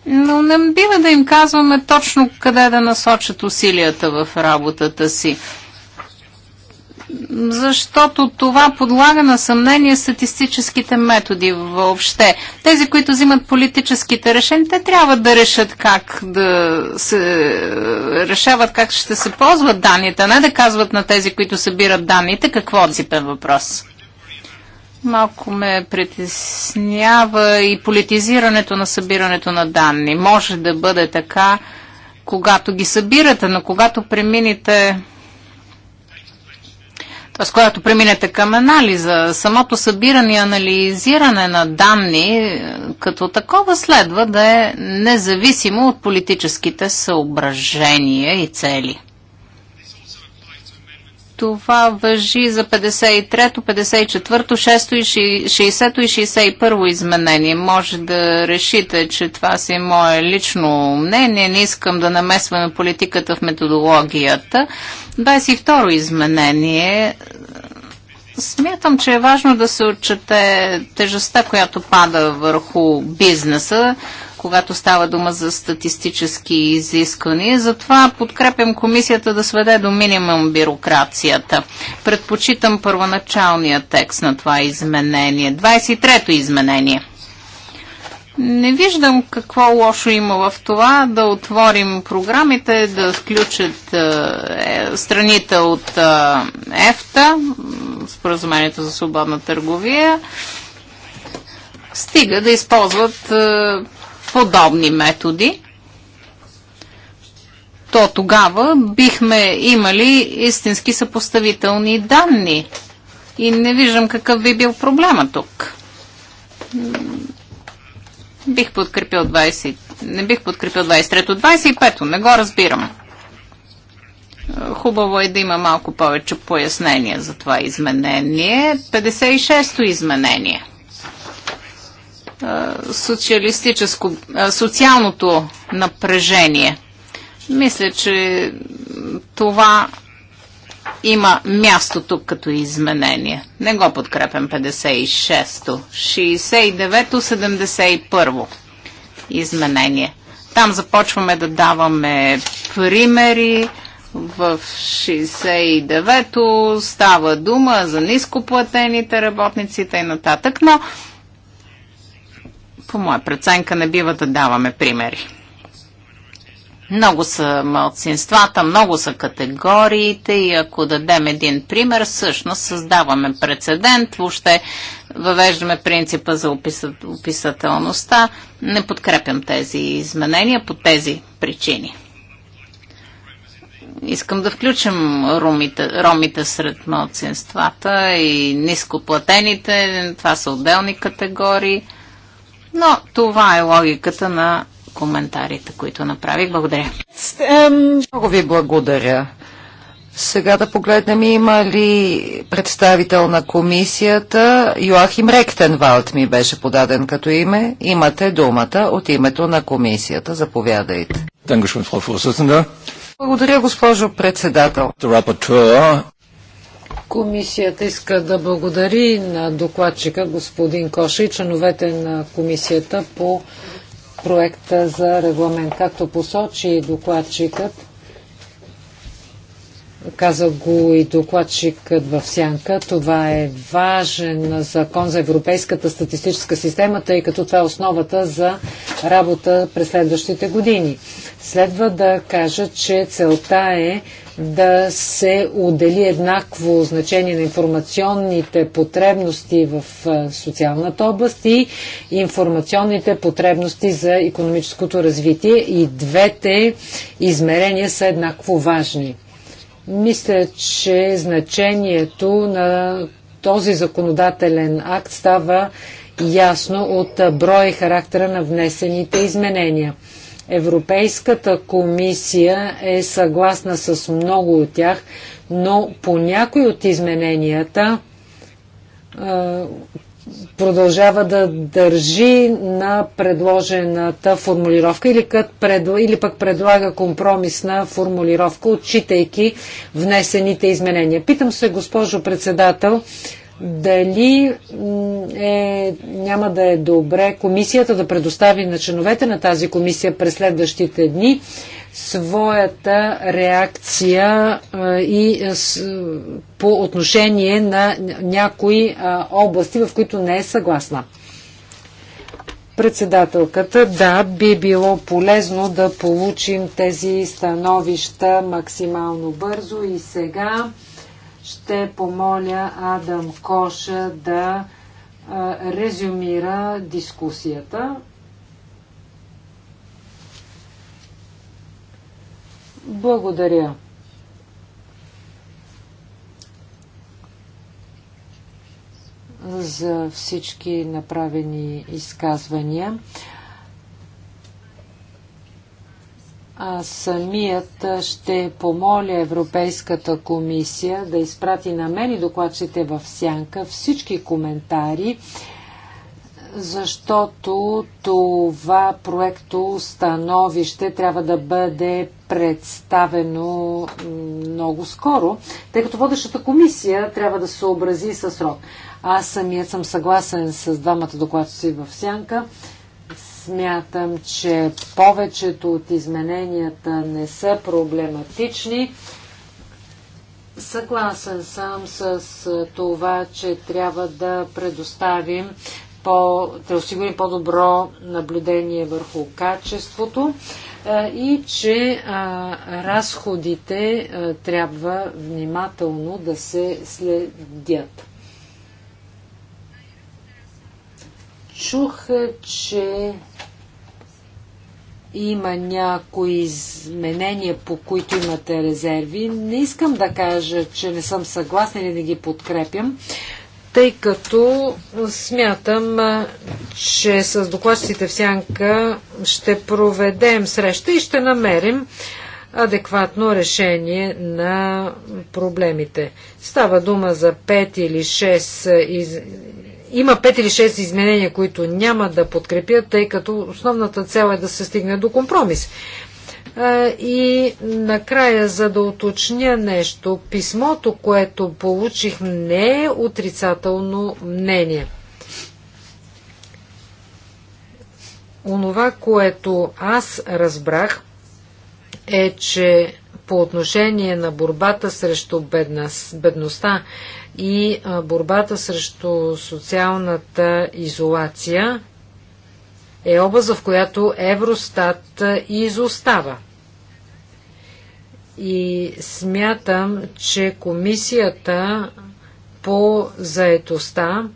но не бива да им казваме точно къде да насочат усилията в работата си защото това подлага на съмнение статистическите методи въобще. Тези, които взимат политическите решения, те трябва да решат как да се решават как ще се ползват данните, не да казват на тези, които събират данните, какво отзипен въпрос. Малко ме притеснява и политизирането на събирането на данни. Може да бъде така, когато ги събирате, но когато преминете т.е. когато преминете към анализа, самото събиране и анализиране на данни е, като такова следва да е независимо от политическите съображения и цели. Това въжи за 53-то, 54-то, 6-то и 60-то и 61-то изменение. Може да решите, че това си е мое лично мнение. Не искам да намесваме политиката в методологията. 22-то изменение. Смятам, че е важно да се отчете тежестта, която пада върху бизнеса когато става дума за статистически изисквания. Затова подкрепям комисията да сведе до минимум бюрокрацията. Предпочитам първоначалния текст на това изменение. 23-то изменение. Не виждам какво лошо има в това да отворим програмите, да включат е, е страните от е, ЕФТА, споразумението за свободна търговия, стига да използват е, подобни методи, то тогава бихме имали истински съпоставителни данни. И не виждам какъв би бил проблема тук. Бих подкрепил 20... Не бих подкрепил 23-то. 25-то, не го разбирам. Хубаво е да има малко повече пояснение за това изменение. 56-то изменение – социалистическо, социалното напрежение. Мисля, че това има място тук като изменение. Не го подкрепям 56-то, 69-то, 71-во изменение. Там започваме да даваме примери. В 69-то става дума за нископлатените работници и нататък, но по моя преценка не бива да даваме примери. Много са малцинствата, много са категориите и ако дадем един пример, всъщност създаваме прецедент, въобще въвеждаме принципа за описателността. Не подкрепям тези изменения по тези причини. Искам да включим ромите, ромите сред малцинствата и нископлатените. Това са отделни категории. Но това е логиката на коментарите, които направих. Благодаря. Много ви благодаря. Сега да погледнем има ли представител на комисията. Йоахим Ректенвалд ми беше подаден като име. Имате думата от името на комисията. Заповядайте. Благодаря, госпожо председател. Комисията иска да благодари на докладчика господин Коша и членовете на комисията по проекта за регламент. Както посочи докладчикът, каза го и докладчикът в Сянка, това е важен закон за Европейската статистическа система, тъй като това е основата за работа през следващите години. Следва да кажа, че целта е да се отдели еднакво значение на информационните потребности в социалната област и информационните потребности за економическото развитие. И двете измерения са еднакво важни. Мисля, че значението на този законодателен акт става ясно от броя и характера на внесените изменения. Европейската комисия е съгласна с много от тях, но по някои от измененията продължава да държи на предложената формулировка или, кът или пък предлага компромисна формулировка, отчитайки внесените изменения. Питам се, госпожо председател, дали е, няма да е добре комисията да предостави на членовете на тази комисия през следващите дни своята реакция а, и с, по отношение на някои а, области, в които не е съгласна. Председателката, да, би било полезно да получим тези становища максимално бързо и сега ще помоля Адам Коша да резюмира дискусията. Благодаря. за всички направени изказвания. а самият ще помоля Европейската комисия да изпрати на мен и докладчите в сянка всички коментари, защото това проекто становище трябва да бъде представено много скоро, тъй като водещата комисия трябва да се съобрази с срок. Аз самият съм съгласен с двамата докладчици в сянка Смятам, че повечето от измененията не са проблематични. Съгласен съм с това, че трябва да предоставим по, да осигурим по-добро наблюдение върху качеството и че а, разходите а, трябва внимателно да се следят. Чух, че има някои изменения, по които имате резерви. Не искам да кажа, че не съм съгласна или не ги подкрепям, тъй като смятам, че с докладчиците в Сянка ще проведем среща и ще намерим адекватно решение на проблемите. Става дума за 5 или 6 из... Има 5 или 6 изменения, които няма да подкрепят, тъй като основната цел е да се стигне до компромис. И накрая, за да уточня нещо, писмото, което получих, не е отрицателно мнение. Онова, което аз разбрах, е, че по отношение на борбата срещу бедността и борбата срещу социалната изолация е област, в която Евростат изостава. И смятам, че комисията по заетостта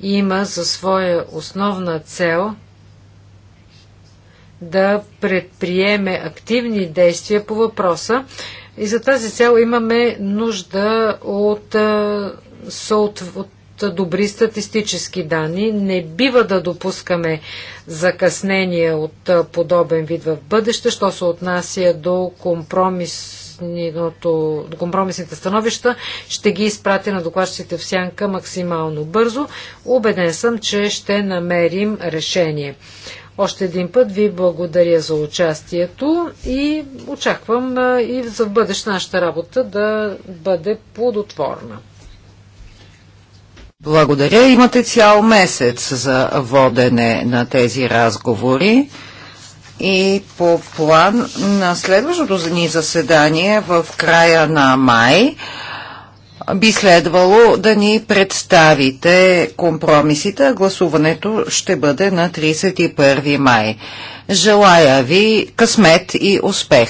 има за своя основна цел – да предприеме активни действия по въпроса. И за тази цел имаме нужда от, от, от добри статистически данни. Не бива да допускаме закъснения от подобен вид в бъдеще, що се отнася до компромис компромисните становища ще ги изпрати на докладчиците в сянка максимално бързо. Убеден съм, че ще намерим решение. Още един път ви благодаря за участието и очаквам и за бъдещ нашата работа да бъде плодотворна. Благодаря. Имате цял месец за водене на тези разговори. И по план на следващото ни заседание в края на май би следвало да ни представите компромисите. Гласуването ще бъде на 31 май. Желая ви късмет и успех!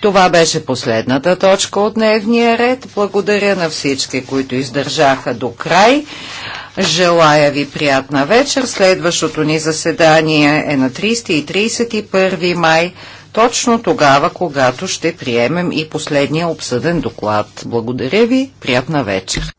Това беше последната точка от дневния ред. Благодаря на всички, които издържаха до край. Желая ви приятна вечер. Следващото ни заседание е на 30 и 31 май точно тогава, когато ще приемем и последния обсъден доклад. Благодаря ви, приятна вечер!